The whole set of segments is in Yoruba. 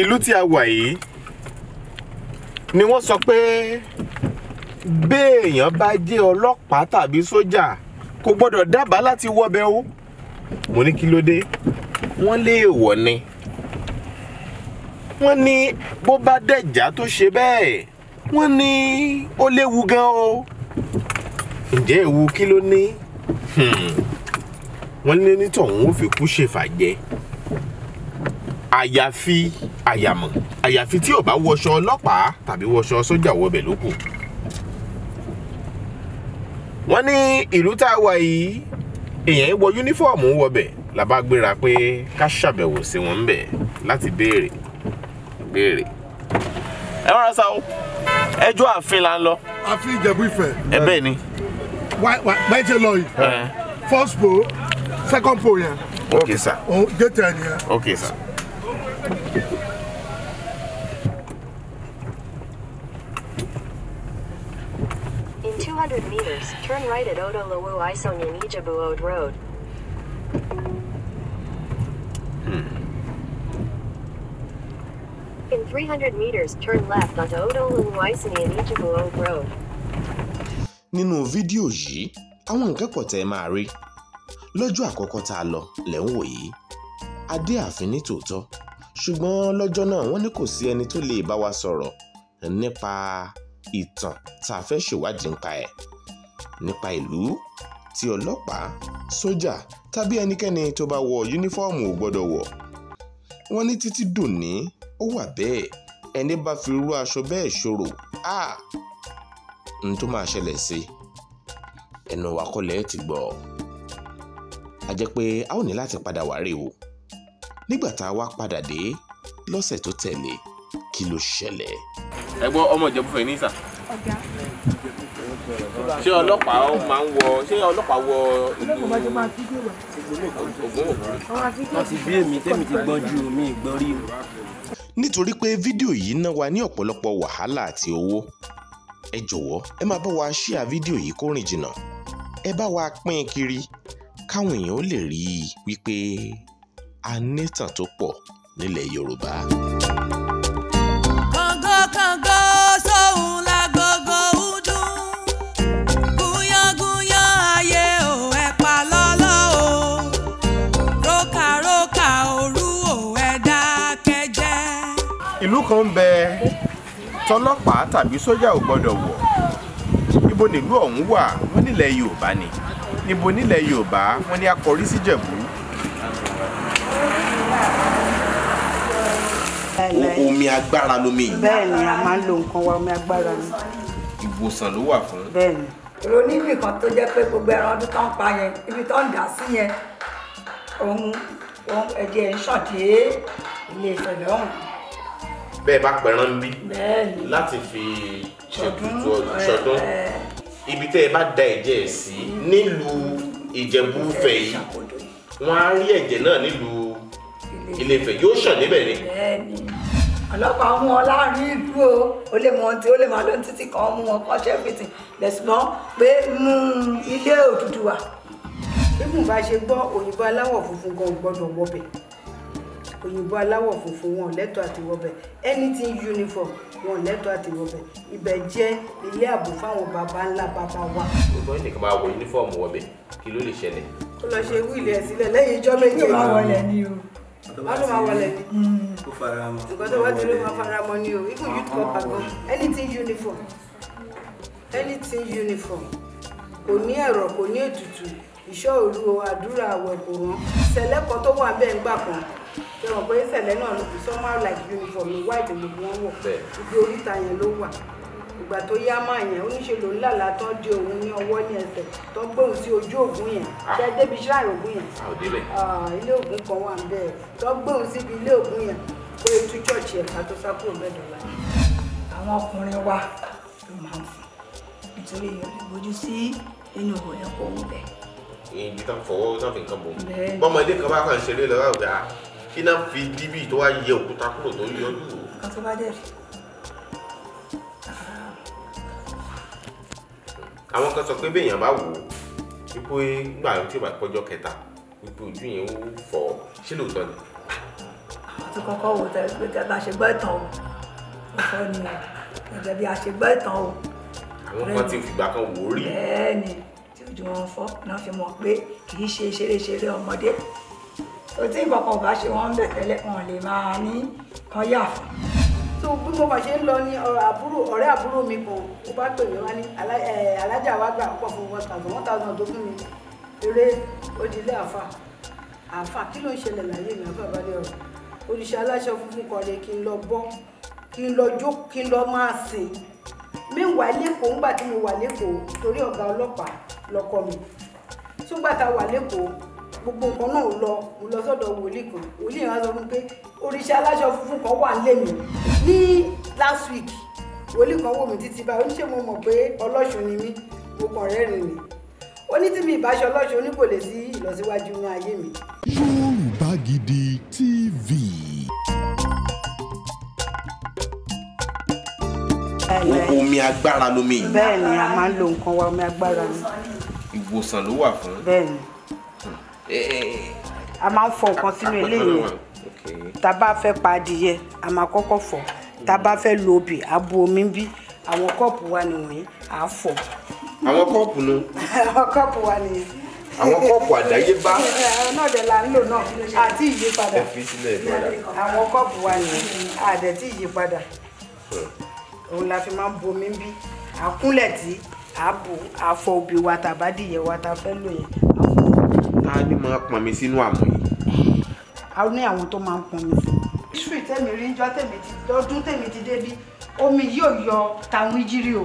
ìlú tí a wà yìí ni wọ́n sọ pé béèyàn bá jẹ́ ọlọ́pàá tàbí sójà kò gbọ́dọ̀ dábàá láti wọbẹ̀ o mo ní kí ló dé wọ́n léèwọ̀ ni wọ́n ní bó bá dẹ̀já tó ṣe bẹ́ẹ̀ wọ́n ní ó léwu gan o ǹjẹ́ ewu kí ló ní hmm. wọ́n ní nítọ̀hún ó fi kú ṣèfàjẹ́ àyàfi àyàmọ̀ àyàfi tí ò bá wọṣọ ọlọ́pàá tàbí wọṣọ sójà wọbẹ̀ ló kù. wọ́n ní ìlú tá a wà yìí èèyàn wọ yúnífọ́ọ̀mù wọbẹ̀ la bá gbéra pé ká ṣàbẹ̀wò sí wọn ńbẹ̀ láti béèrè béèrè. ẹ wọ́n ra sa o ẹjọ́ ààfin la ń lọ. ààfin Ìjẹ̀bú Ifẹ̀. ẹ bẹ́ẹ̀ ni. wá wá bẹ́ẹ̀ ṣe lọ yìí. first pole second pole yẹn. ok sir. o jẹ́ tẹ̀ ẹ̀ nìyẹn. ok sir. 200 meters, turn right at Odo Odoluwu Isonyan Ijabu Road. Hmm. In 300 meters, turn left onto Odoluwu Isonyan Ijabu Road. Nínú fídíò yìí, àwọn nǹkan pọ̀ tẹ́ ẹ máa rí. Lọ́jọ́ àkọ́kọ́ tá a lọ lẹ̀ ń wò yìí. A dé ààfin ní tòótọ́, ṣùgbọ́n lọ́jọ́ náà wọ́n ní kò sí ẹni tó lè bá wa sọ̀rọ̀ nípa ìtàn tá a fẹ́ ṣèwádìí nípa ẹ̀ nípa ìlú tí ọlọ́pàá sójà tàbí ẹnikẹ́ni tó bá wọ yúnífọ́ọ̀mù ò gbọ́dọ̀ wọ̀ wọ́n ní títí dòní ó wà bẹ́ẹ̀ ẹni bá fi irú aṣọ bẹ́ẹ̀ ṣòro a n tó máa ṣẹlẹ̀ sí ẹnu wa ti gbọ́ a jẹ́ pé a ó ní láti padà wá rè o nígbà tá a wá padà dé lọ́sẹ̀ tó tẹ̀lé kí ló ṣẹlẹ̀. ẹ gbọ́ ọmọ ìjẹ́búfẹ́ ní sà. ọ̀gá ṣé ọlọ́pàá máa ń wọ ṣé ọlọ́pàá wọ ìlú ti bí èmi tẹ́mi ti gbọ́n ju mi gbọ́n rí o. nítorí pé fídíò yìí ná wa ní ọ̀pọ̀lọpọ̀ wàhálà àti owó ẹ jọ̀wọ́ ẹ máa bá wa ṣíà fídíò yìí kó rìn jìnnà ẹ bá wa pín in kiri káwọn èèyàn ó lè rí i wípé a nítàn tó pọ̀ nílẹ̀ Yorùbá. kan ń bẹ tọlọ́pàá tàbí sójà ò gbọ́dọ̀ wọ̀ níbo nílùú ọ̀hún wà wọ́n nílẹ̀ Yorùbá ni níbo nílẹ̀ Yorùbá wọ́n ní akọrí síjẹ̀bú. omi agbára lomi yìí. bẹ́ẹ̀ni a máa ń lo nǹkan wa omi agbára ni. ìwòsàn ló wà fún. bẹ́ẹ̀ni. ìrònú ibì kan tó jẹ́ pé gbogbo ẹran ọdún tó ń pa yẹn ibi tó ń dà sí yẹn òun ẹ̀jẹ̀ ń ṣàn ilé ìfẹ̀lẹ́ ọ̀hún bẹ́ẹ̀ bá pẹran bí láti fi ṣọdún ibi tẹ́ ẹ bá da ẹ̀jẹ̀ ẹ̀ sí nílùú ìjẹ̀bú-fẹ̀ yìí wọ́n á rí ẹ̀jẹ̀ náà nílùú ilé-ifẹ̀ yóò ṣàn níbẹ̀ ni. ọlọ́pàá mú wọn láàrin ìlú o ó lè mọ ohun tí ó lè máa lóhun títí kan mú wọn kọ́ ṣẹ́fìtì lẹ́sùmọ́ pé mú ilé Odùduwà. bí mo bá ṣe gbọ́ òyìnbó aláwọ̀ funfun gan gbọ́dọ̀ wọbẹ̀ òyìnbó aláwọ̀ funfun wọn lẹ́tọ̀ọ́ àti wọbẹ̀ anything uniform wọn lẹ́tọ̀ọ́ àti wọbẹ̀ ibẹ̀ jẹ́ ilé ààbò fáwọn baba ńlá baba wa. ògbọ́n nìkan máa wọ yunifọ́ọ̀mù wọbẹ̀ kí ló lè ṣẹlẹ̀. ó lọ ṣe wíìlì ẹ̀ sílẹ̀ lẹ́yìn ijọ́ méje. yóò máa wọlé ni o ọdún máa wọlé kó mm. fara mọ́ nǹkan tó wá ti ló máa fara mọ́ ni o even youth cup àgọ́ anything uniform anything uniform kò ní ẹ̀rọ kò ní ètùtù ìṣọ́ òru àdúrà àwẹ̀ kò rán sẹ̀lẹ́kọ̀ tó wà bẹ́ẹ̀ ń gbà kan ṣe mọ̀ pé ìṣẹ̀lẹ̀ náà somehow like uniform white ni wọ́n wọ̀ ibi oríta yẹn ló wà ìgbà tó yá máa yẹn oníṣe ló ń lálàá tán di òun ní ọwọ́ ní ẹsẹ̀ tó ń gbóhùn sí ojú ògún yẹn ah. ṣe débi ṣáà ògún yẹn ilé ògún kan wà níbẹ̀ tó ń gbóhùn síbi ilé ògún yẹn kó etu chọ́ọ̀chì ẹ̀ka tó sá kúrò mẹ́dọ̀ọ́lá. àwọn ọkùnrin wa ló máa ń fún nítorí ìbójú sí inú òwò ẹ̀kọ́ òun bẹ̀. ibi tó ń fọwọ́ tó ń fi nǹkan bò ó bọ́mọdé kan kí náà fi díbì tó wá yẹ òkúta kúrò tó yọjú o. kan tó bá dẹ̀ rí. àwọn kan sọ pé béèyàn bá wò ó wípé gbà tí ó bá pọ́jọ́ kẹta wípé ojú yẹn ó fọ́ ṣé lóòótọ́ ni. àwọn tó kọ́kọ́ wò tẹ̀ pé kẹta ṣe gbọ́ ìtàn o ọ̀fọ́ ni ẹ̀jẹ̀ bí a ṣe gbọ́ ìtàn o. àwọn kan ti fìgbà kan wò ó rí. bẹ́ẹ̀ ni tí ojú wọn fọ́ náà fi mọ̀ pé kì í ṣe ṣeréṣeré ọmọdé o tí nǹkan kan bá ṣe wọ́n ń bẹ̀ tẹ́lẹ̀ wọn lè máa ní kan yà fún. tó bí mo kàn ṣe ń lọ ní àbúrò ọ̀rẹ́ àbúrò mi kan mo bá pè mí wá ní alájà wa gbà púpọ̀ fún one thousand one thousand tó fún mi eré odilé àfà àfà kí ló ń ṣẹlẹ̀ láyé mi àfà balẹ̀ ọ̀rọ̀ oníṣẹ́ aláṣọ funfun kan lè kí n lọ bọ́ kí n lọ jó kí n lọ máa sìn mí wà lẹ́kọ̀ọ́ ńgbà tí mo wà lẹ́kọ̀ọ́ torí ọ̀gá ọlọ́pàá lọ́kọ mi tó gbà tá a wà lẹ́kọ̀ọ́ gbogbo nǹkan náà lọ mo lọ sọ́dọ̀ wòlíì kan wòlíì yẹn sọ fún pé oríṣi aláṣọ funfun kan wà lẹ́nu ní last week wòlíì kan wò mí títí báyìí ó mo mọ̀ pé ọlọ́ṣun ni mí mo kàn rẹ́rìn mi ó tí mi ìbáṣọ ọlọ́ṣun ní kò lè sí ìlọsíwájú inú ayé mi. Yorùbá Gidi TV. omi agbára lomi yìí. bẹ́ẹ̀ni a máa ń lo nǹkan wa omi agbára ni. ìwòsàn ló wà fún. bẹ́ẹ̀ni. Eh, a máa ń fọ nǹkan sínú eléyìí tá a bá fẹ́ pa adìyẹ a máa kọ́kọ́ fọ tá a bá fẹ́ lo obì a bu omi bí àwọn kọ́ọ̀pù wa nìwọ̀nyí à á fọ. àwọn kọ́ọ̀pù nu. àwọn kọ́ọ̀pù wa nìyẹn. àwọn kọ́ọ̀pù àdáyébá. náà dẹ̀ la ń lò náà àti ìyípadà. ẹ fi sílẹ̀ ìpadà. àwọn kọ́ọ̀pù wa nìyẹn àdẹ̀tí ìyípadà hmm. òun la fi máa ń bomi bí àkúnlẹ̀ tí àbò àfọ obì wa tàbádìyẹ wa ta fẹ́ lò yẹn ta ni máa pọn mi sínú àmọ́ yìí. a ní àwọn tó máa ń pọn mi history tèmi rí njọ́ tèmi ti lọ́dún tèmi ti débi omi yóò yọ tàwọn ìjírí o.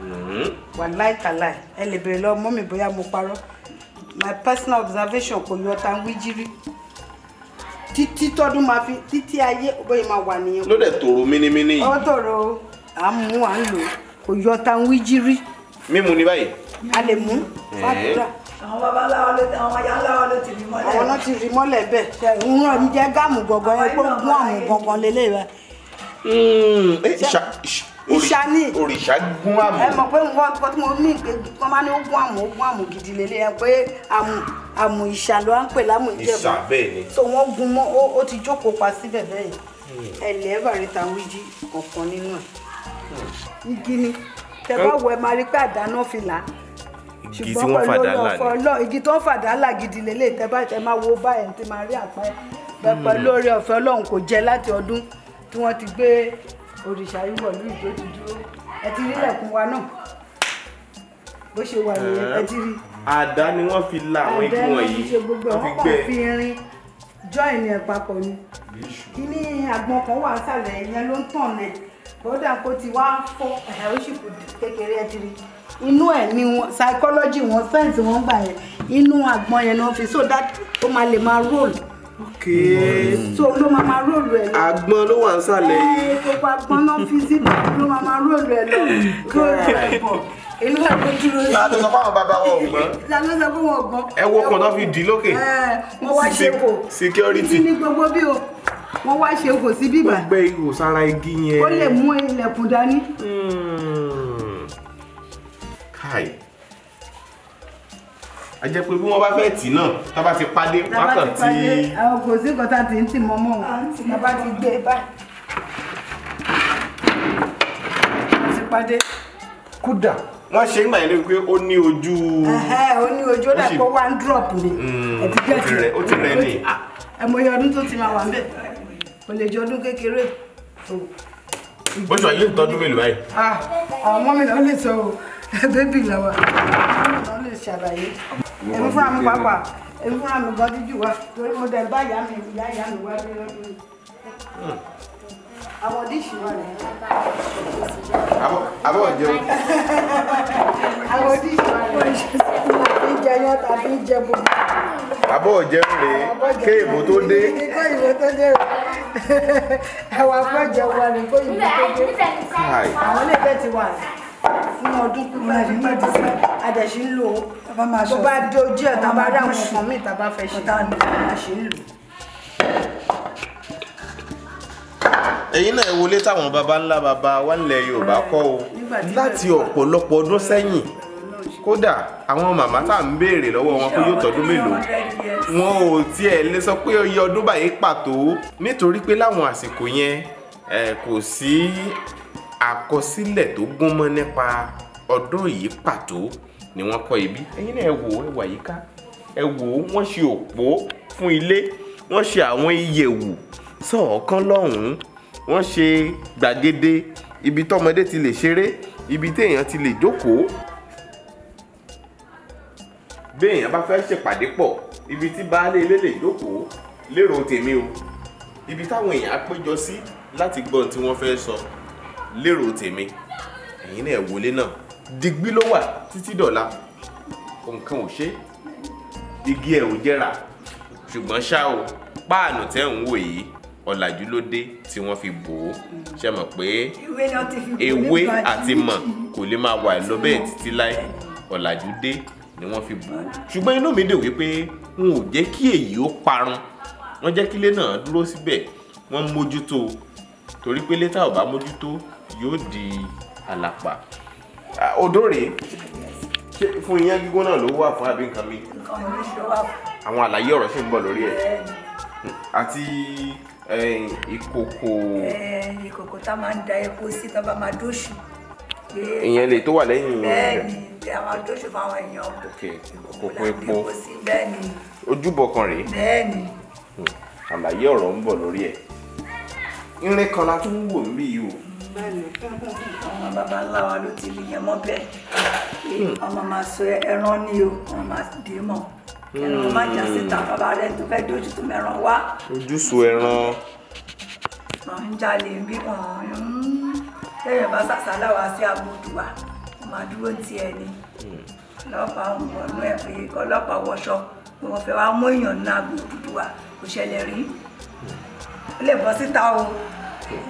Hmm. wàláì tàláì ẹ lè bèrè lọ mọ́ mi bóyá mo parọ́ my personal observation kò yọ tàwọn ìjírí títí tọdún máa fi títí ayé bóyá máa wà nìyẹn. ló dẹ̀ tòrò mínímíní yìí. ó tòrò à ń mú à ń lò kò yọ tàwọn ìjírí. mímu ni báyìí. a lè mú fàdúrà àwọn babaláwo ló ti àwọn ayáláwo ló ti rí mọ́lẹ̀. àwọn náà ti rí mọ́lẹ̀ bẹ́ẹ̀ ń ràn mí jẹ́ gáàmù gangan ẹ gbọ́ gún àmù gangan lélẹ̀ rẹ. ìṣà ni òrìṣà hmm, eh, gún àmù. ẹ mọ̀ pé nǹkan kan tí mo mí pé wọ́n máa ní ó gún àmù ó gún àmù gidi lélẹ̀ ẹ pé àmù àmù ìṣà ló ń pè lámù ìjẹ̀bú. ìṣà bẹ́ẹ̀ ni. so wọ́n gun mọ́ ó ti jókòó pa síbẹ̀ bẹ́ẹ̀ hmm. ẹ̀lẹ́ bàrẹ́ta wíjí ọ̀kan nínú ẹ̀ hmm. igi tẹ igi tí wọ́n fàdá là ni igi tí wọ́n fàdá là gidi lélẹ̀ tẹ́ bá tẹ́ máa wo báyìí tí máa rí àpá ẹ̀ hmm. pẹ̀lú oore ọ̀fẹ́ ọlọ́run kò jẹ́ láti ọdún tí wọ́n ti gbé òrìṣà yìí wọ̀ ní ìjó ti dúró ẹ ti rí lẹ̀kùn wa náà bó ṣe wà nìyẹn ẹ ti rí. àdá ni wọ́n fi la àwọn igi wọ̀nyí wọ́n fi gbẹ́ ẹ̀ fi join ẹ̀ papọ̀ ni kí ní àgbọn kan wà sàlẹ̀ ìyẹn ló ń tàn náà bọ́dà kó ti wá fọ́ ẹ̀ ó sì kù kékeré ẹ ti rí inú ẹ̀ ni wọn psychology wọn sense wọn gbà yẹn inú àgbọn yẹn ni wọn fi so that ó máa lè máa roll okay. so ló máa ma róòlù ẹ lọ. àgbọn ló wà ń sàlẹ̀ yìí. Eh, gbogbo àgbọn náà fi síbi ló máa ma róòlù ẹ lọ róòlù ẹ bọ̀ èlú àgbo dúró sí. láti sọ fáwọn bàbá wọn ọgbọ́n. láti sọ fún wọn ọgbọ́n. ẹ wo kàn náà fi dì í lókè. wọ́n eh, wá ṣe kò security. ní gbogbo bí o wọ́n wá ṣe kò sí bíbà. ó gbẹ́ ihò sára igi yẹn. ó lè mú ilẹ̀kùn dání. Hmm káì a jẹ́ pé bí wọ́n bá fẹ́ tì náà tá bá ti pàdé wákàn tí. àwọn kò sí nǹkan tá a ti ń tì mọ́mọ́ wọn tá bá ti gbé báyìí. wọ́n ti pàdé. kódà wọ́n ṣe ń gbà yẹn lé pé ó ní ojú. ó ní ojú ó dà pé one drop ni. Hmm, ó ti rẹ̀ ní. ẹ̀mọye ọdún tó ti máa wà ń bẹ̀ kò lè jẹ ọdún kékeré o. bó ṣe wà yìí lè tọ́jú mélòó báyìí. Ah, àwọn mọ́mí náà lè sọ o bébì làwà wọn lè ṣàlàyé èmi fúnra mi pàápàá èmi fúnra mi gan jíjù wa torí mo dẹ̀ bá ìyá mi ìyá ìyá mi wá bí lọ́dún àwọn díṣì wà ní. àbọ̀ jẹun. àwọn díṣì wà ní. ìjẹ yẹn tàbí ìjẹ gbogbo. àbọ̀ jẹun rèé kéèmù tó dé. kéèmù tó dé rèé ẹwà fẹjọ wà kó ìlú tó dé àwọn ilé bẹ́ẹ̀ ti wà fún ọdún pípẹ́ nígbà tí sẹ́ àjẹsí ń lò ó bá dé ojú ẹ̀ tá bá rí àwọn ọkàn míì tá bá fẹ́ ṣe tá a ṣe ń lò. ẹ̀yin náà wọlé táwọn baba ńlá baba wa ńlẹ̀ Yorùbá kọ́ o láti ọ̀pọ̀lọpọ̀ ọdún sẹ́yìn kódà àwọn màmá tá à ń béèrè lọ́wọ́ wọn pé yóò tọdún mélòó wọn ò tiẹ̀ lè sọ pé iye ọdún báyìí pàtó nítorí pé láwọn àsìkò yẹn kò sí àkọsílẹ̀ tó gún mọ́ nípa ọdún yìí pàtó ni wọ́n kọ́ ibi ẹ̀yin náà ẹ wò ẹ wà yíká ẹ wò wọ́n ṣe òpó fún ilé wọ́n ṣe àwọn iyẹ̀wù sọ̀ọ̀kan lọ́hùn-ún wọ́n ṣe gbàgede ibi tọ́mọdé ti lè ṣeré ibi téèyàn ti lè jókòó béèyàn bá fẹ́ ṣèpàdé pọ̀ ibi tí baálé ilé lè jókòó lérò tèmi o ibi táwọn èèyàn á péjọ sí láti gbọ́n tí wọ́n fẹ́ sọ. So lérò tèmi ẹ̀yin náà wọlé náà digbí ló wà títí dọ̀la nǹkan ò ṣe igi ẹ̀ ò jẹ́ra ṣùgbọ́n ṣá o páànù tẹ́ ń wò yìí ọ̀làjú ló dé tí wọ́n fi bò ó ṣe mọ̀ pé ewé àti mọ̀ kò lè máa wà lọ bẹ́ẹ̀ títí láì ọ̀làjú dé ni wọ́n fi bò ó ṣùgbọ́n inú mi dùn wípé n ò jẹ́ kí èyí ó parun wọ́n jẹ́ kílé náà dúró síbẹ̀ wọ́n mójútó torí pé létà ò bá mójútó yóò di àlàpà odó rèé ṣé fún iyán gígún náà ló wà fún àbí nǹkan mi àwọn àlàyé ọ̀rọ̀ ṣì ń bọ̀ lórí ẹ̀ àti ìkòkò. ìkòkò tá a máa ń da epo sí tá a bá máa dóṣù. ìyẹn lè tó wà lẹ́yìn. bẹ́ẹ̀ni àwọn adóṣù fáwọn èèyàn. ok ìkòkò epo bẹ́ẹ̀ni. ojúbọ kan rèé. bẹ́ẹ̀ni. Hmm, àlàyé ọ̀rọ̀ ń bọ̀ lórí ẹ̀. irin kan la tún ń wò yìí o ọmọ bàbá ńlá wa ló ti rí yẹn mọ́ bẹ́ẹ̀ hmm. ọmọ máa sọ ẹran ní o ọmọ máa dé mọ́ ẹran hmm. má jà síta bàbá rẹ tó fẹ́ dojú tó mẹ́ràn wá. ojúṣu ẹran. wọn ń jalè bí wọn lẹ́yìn bá sàṣàlà wá sí agbódù wa wọn máa dúró ti ẹ ní hmm. ọlọ́pàá ń wọnú ẹ pé ọlọ́pàá wọṣọ pé wọn fẹ́ wá mú èèyàn ní agbódù kò ṣẹlẹ̀ rí ó lè bọ́ síta o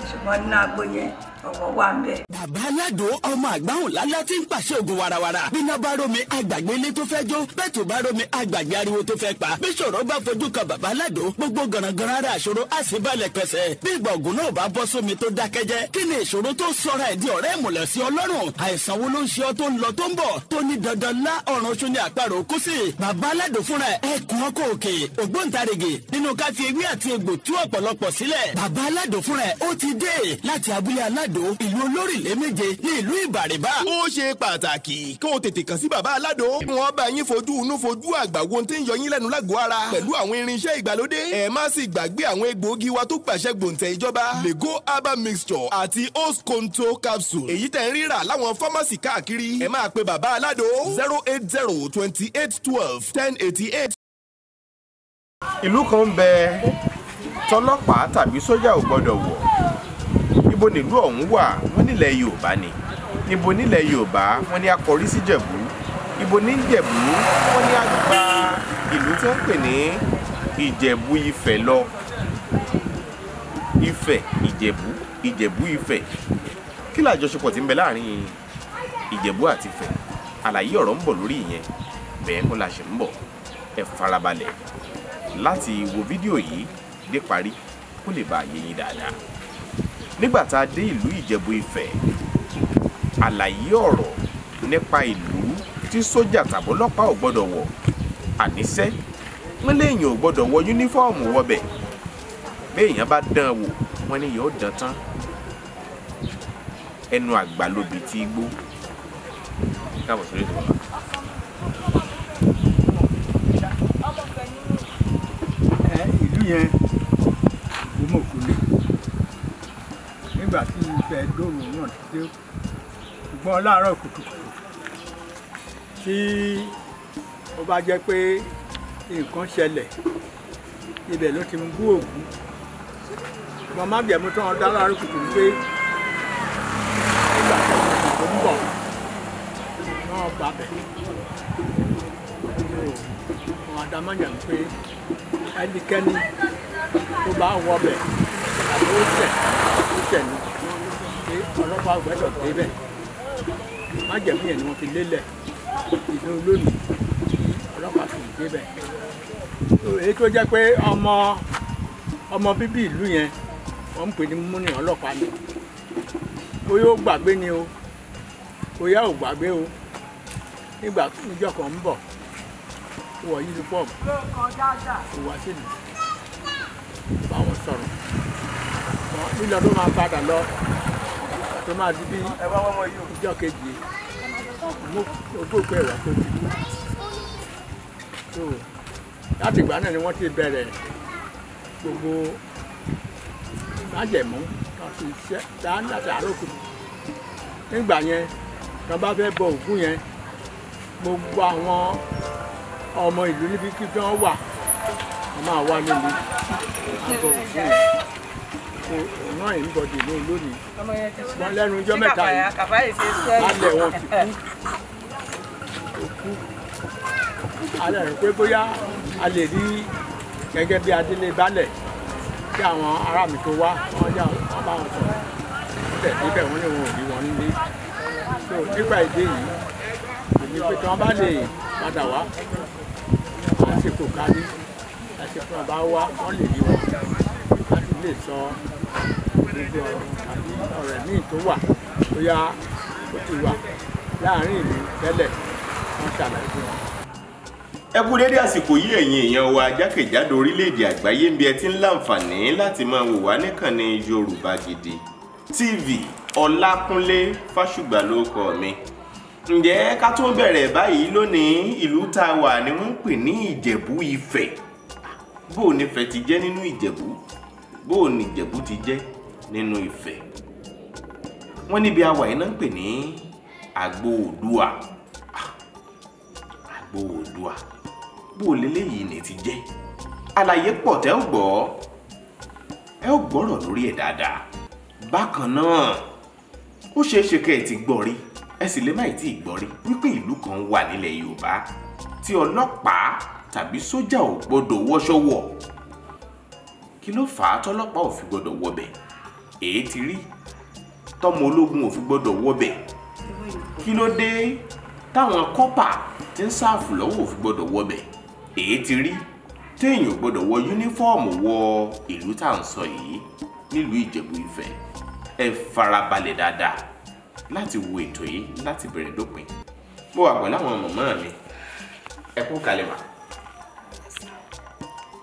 ṣùgbọ́n nínú agbo yẹn ọwọ́ wà ń bẹ̀. bàbá aládò ọmọ àgbáhùn lálá tí ń pàṣẹ ògùn warawara bíná bá rómi àgbàgbé ilé tó fẹ́ jó bẹ́ẹ̀ tó bá rómi àgbàgbé ariwo tó fẹ́ pa bí ṣòro bá fojú kan bàbá aládò gbogbo gànàgànà ara àṣòro á sì balẹ̀ pẹ̀sẹ̀ bí ìgbọ̀ngùn náà bá bọ́ sómi tó dákẹ́jẹ́ kí ni ìṣòro tó sọra ẹ̀ di ọ̀rẹ́ ìmùlẹ̀ sí ọlọ́run àìsàn wo ló ń ṣe ọ tó ń lọ tó ń bọ̀ tó ní dandan aládò ìlú olórílẹ̀ méje ní ìlú ìbàrìbà. ó ṣe pàtàkì kí o tètè kàn sí bàbá aládò. wọ́n bá yín fojú inú fojú àgbà wo tí ń yọ yín lẹ́nu lágọ̀ọ́ ara pẹ̀lú àwọn irinṣẹ́ ìgbàlódé. ẹ má sì gbàgbé àwọn egbòogi wa tó gbàṣẹ gbòǹtẹ̀ ìjọba lego herbal mixture àti host control capsule. èyí tẹ̀ ń rírà láwọn fámásì káàkiri. ẹ máa pe bàbá aládò zero eight zero twenty eight twelve ten eighty eight. ìlú kan ń bẹ tọlọ́pàá tàbí sójà ò gbọ́dọ̀ wọ̀ ibo nílùú ọ̀hún wà wọ́n nílẹ̀ yorùbá ni ibo nílẹ̀ yorùbá wọ́n ní akọrí sí jẹ̀bú ibo ní jẹ̀bú wọ́n ní àgbà ìlú tí wọ́n pè ní ìjẹ̀bú ifẹ̀ lọ ifẹ̀ ìjẹ̀bú ìjẹ̀bú ifẹ̀ kí làjọṣepọ̀ ti ń bẹ láàrin ìjẹ̀bú àti ifẹ̀ àlàyé ọ̀rọ̀ ń bọ̀ lórí ìyẹn bẹ́ẹ̀ kó la ṣe ń bọ̀ ẹ farabalẹ̀ láti wo fídíò yìí dé parí kó lè bá a yé dáadáa nígbà tá a dé ìlú ìjẹ̀bú ifẹ̀ àlàyé ọ̀rọ̀ nípa ìlú tí sójà tàbọ́lọ́pàá ò gbọ́dọ̀ wọ̀ àníṣẹ́ wọ́n léèyàn ò gbọ́dọ̀ wọ yúnífọ́ọ̀mù wọbẹ̀ béèyàn bá dán wò wọ́n ní yóò dán tán ẹnu àgbà lóbi tí igbó ìlú yẹn ìgbà tí ìfẹ́ dòrò náà ti dé ṣùgbọ́n láàárọ̀ kùtùkùtù tí ó bá jẹ́ pé nǹkan ṣẹlẹ̀ ibẹ̀ ló ti ń bú òògùn ṣùgbọ́n má bẹ̀rù tó ń dá láàárọ̀ kùtùkùtù pé ìgbà tó ń tó ń bọ̀ náà gbàbẹ̀ àwọn adamájà ń pé ẹnikẹ́ni tó bá wọbẹ̀ àbí ó tẹ̀ tẹ̀lé pé ọlọ́pàá gbẹ́sọ̀ débẹ̀ májẹ̀mú yẹn ni wọ́n fi lélẹ̀ ìdún lónìí ọlọ́pàá fi débẹ̀ èyí tó jẹ́ pé ọmọ ọmọ bíbí ìlú yẹn wọ́n ń pè ní múni ọlọ́pàá mi bóyá ó gbàgbé ni o bóyá ò gbàgbé o nígbà ìjọ kan ń bọ̀ wọ yunifọ́ọ̀mù ìwà sílùú báwọn sọ̀rọ̀ mọ́ lílọ ló máa padà lọ tó máa di bí ìjọ kejì mú ogóògbé ìwà tó ti kú láti ìgbà náà ni wọ́n ti bẹ̀rẹ̀ gbogbo májẹ̀mú kan ti ṣe láti àrókù nígbà yẹn kan bá fẹ́ bọ ògún yẹn gbogbo àwọn ọmọ ìlú níbi kí wọ́n wà wọ́n máa wá nílùú àbọ̀ ògún yẹn fún ọ̀nà ìrúbọdè náà lónìí wọn lẹ́nu ọjọ́ mẹ́ta yìí alẹ́ wọn ti kú òkú alẹ́ rẹ̀ pé bóyá a lè rí gẹ́gẹ́ bí adélé balẹ̀ kí àwọn ará mi tó wá wọ́n yà wọ́n bá wọn sọ̀rọ̀ níbẹ̀ níbẹ̀ wọ́n lè wọn ò rí wọn nílé so nípa ìdí yìí èmi pé tí wọ́n bá lè padà wá àsìkò kárí àsìkò àbá wá wọ́n lè rí wọn láti lè sọ gbogbo ọ̀rẹ́ míì tó wà bóyá ó ti wà láàrin ìlú tẹ́lẹ̀ wọ́n ṣàlàyé fún wọn. ẹ kú dédé àsìkò yìí ẹ̀yin èèyàn wa jákèjádò orílẹ̀-èdè àgbáyé ń bí ẹ ti ń láǹfààní láti máa wò wá níkànnì Yorùbá Gidi TV Ọlákúnlé Fásùgbà ló kọ mi ǹjẹ́ ká tó bẹ̀rẹ̀ báyìí lónìí ìlú tá a wà ni wọ́n ń pè ní Ìjẹ̀bú Ifẹ̀ bó o nífẹ̀ẹ́ ti jẹ́ nínú Ìjẹ̀bú bóò ní ìjẹ̀bú ti jẹ́ nínú ìfẹ́ wọ́n níbi awà iná ń pè ní àgbo òdua ah, àgbo òdua bóò lélẹ́yìí ní ti jẹ́ àlàyé pọ̀ tẹ́ ò gbọ́ ẹ ò gbọ́rọ̀ lórí ẹ̀ dáadáa bákan náà ó ṣeé ṣe kẹ́ ẹ ti gbọ́ rí ẹ sì lè má ì tí ì gbọ́ rí wípé ìlú kan wà nílẹ̀ yorùbá tí ọlọ́pàá tàbí sójà ò gbọ́dọ̀ wọṣọ kí ló fà á tọ́lọ́pàá ò fi gbọ́dọ̀ wọbẹ̀ èé ti rí tọ́mọ ológun ò fi gbọ́dọ̀ wọbẹ̀ kí ló dé táwọn kọ́pà ti ń sáàfù lọ́wọ́ ò fi gbọ́dọ̀ wọbẹ̀ èé ti rí téèyàn ò gbọ́dọ̀ wọ yúnífọ́ọ̀mù wọ ìlú tá à ń sọ yìí nílùú Ìjẹ̀bú Ifẹ̀ ẹ farabalẹ̀ dáadáa láti wo ètò yìí láti bẹ̀rẹ̀ dópin mo wà pẹ̀lú àwọn mọ̀mọ́ mi ẹ kú kalẹ̀ mà.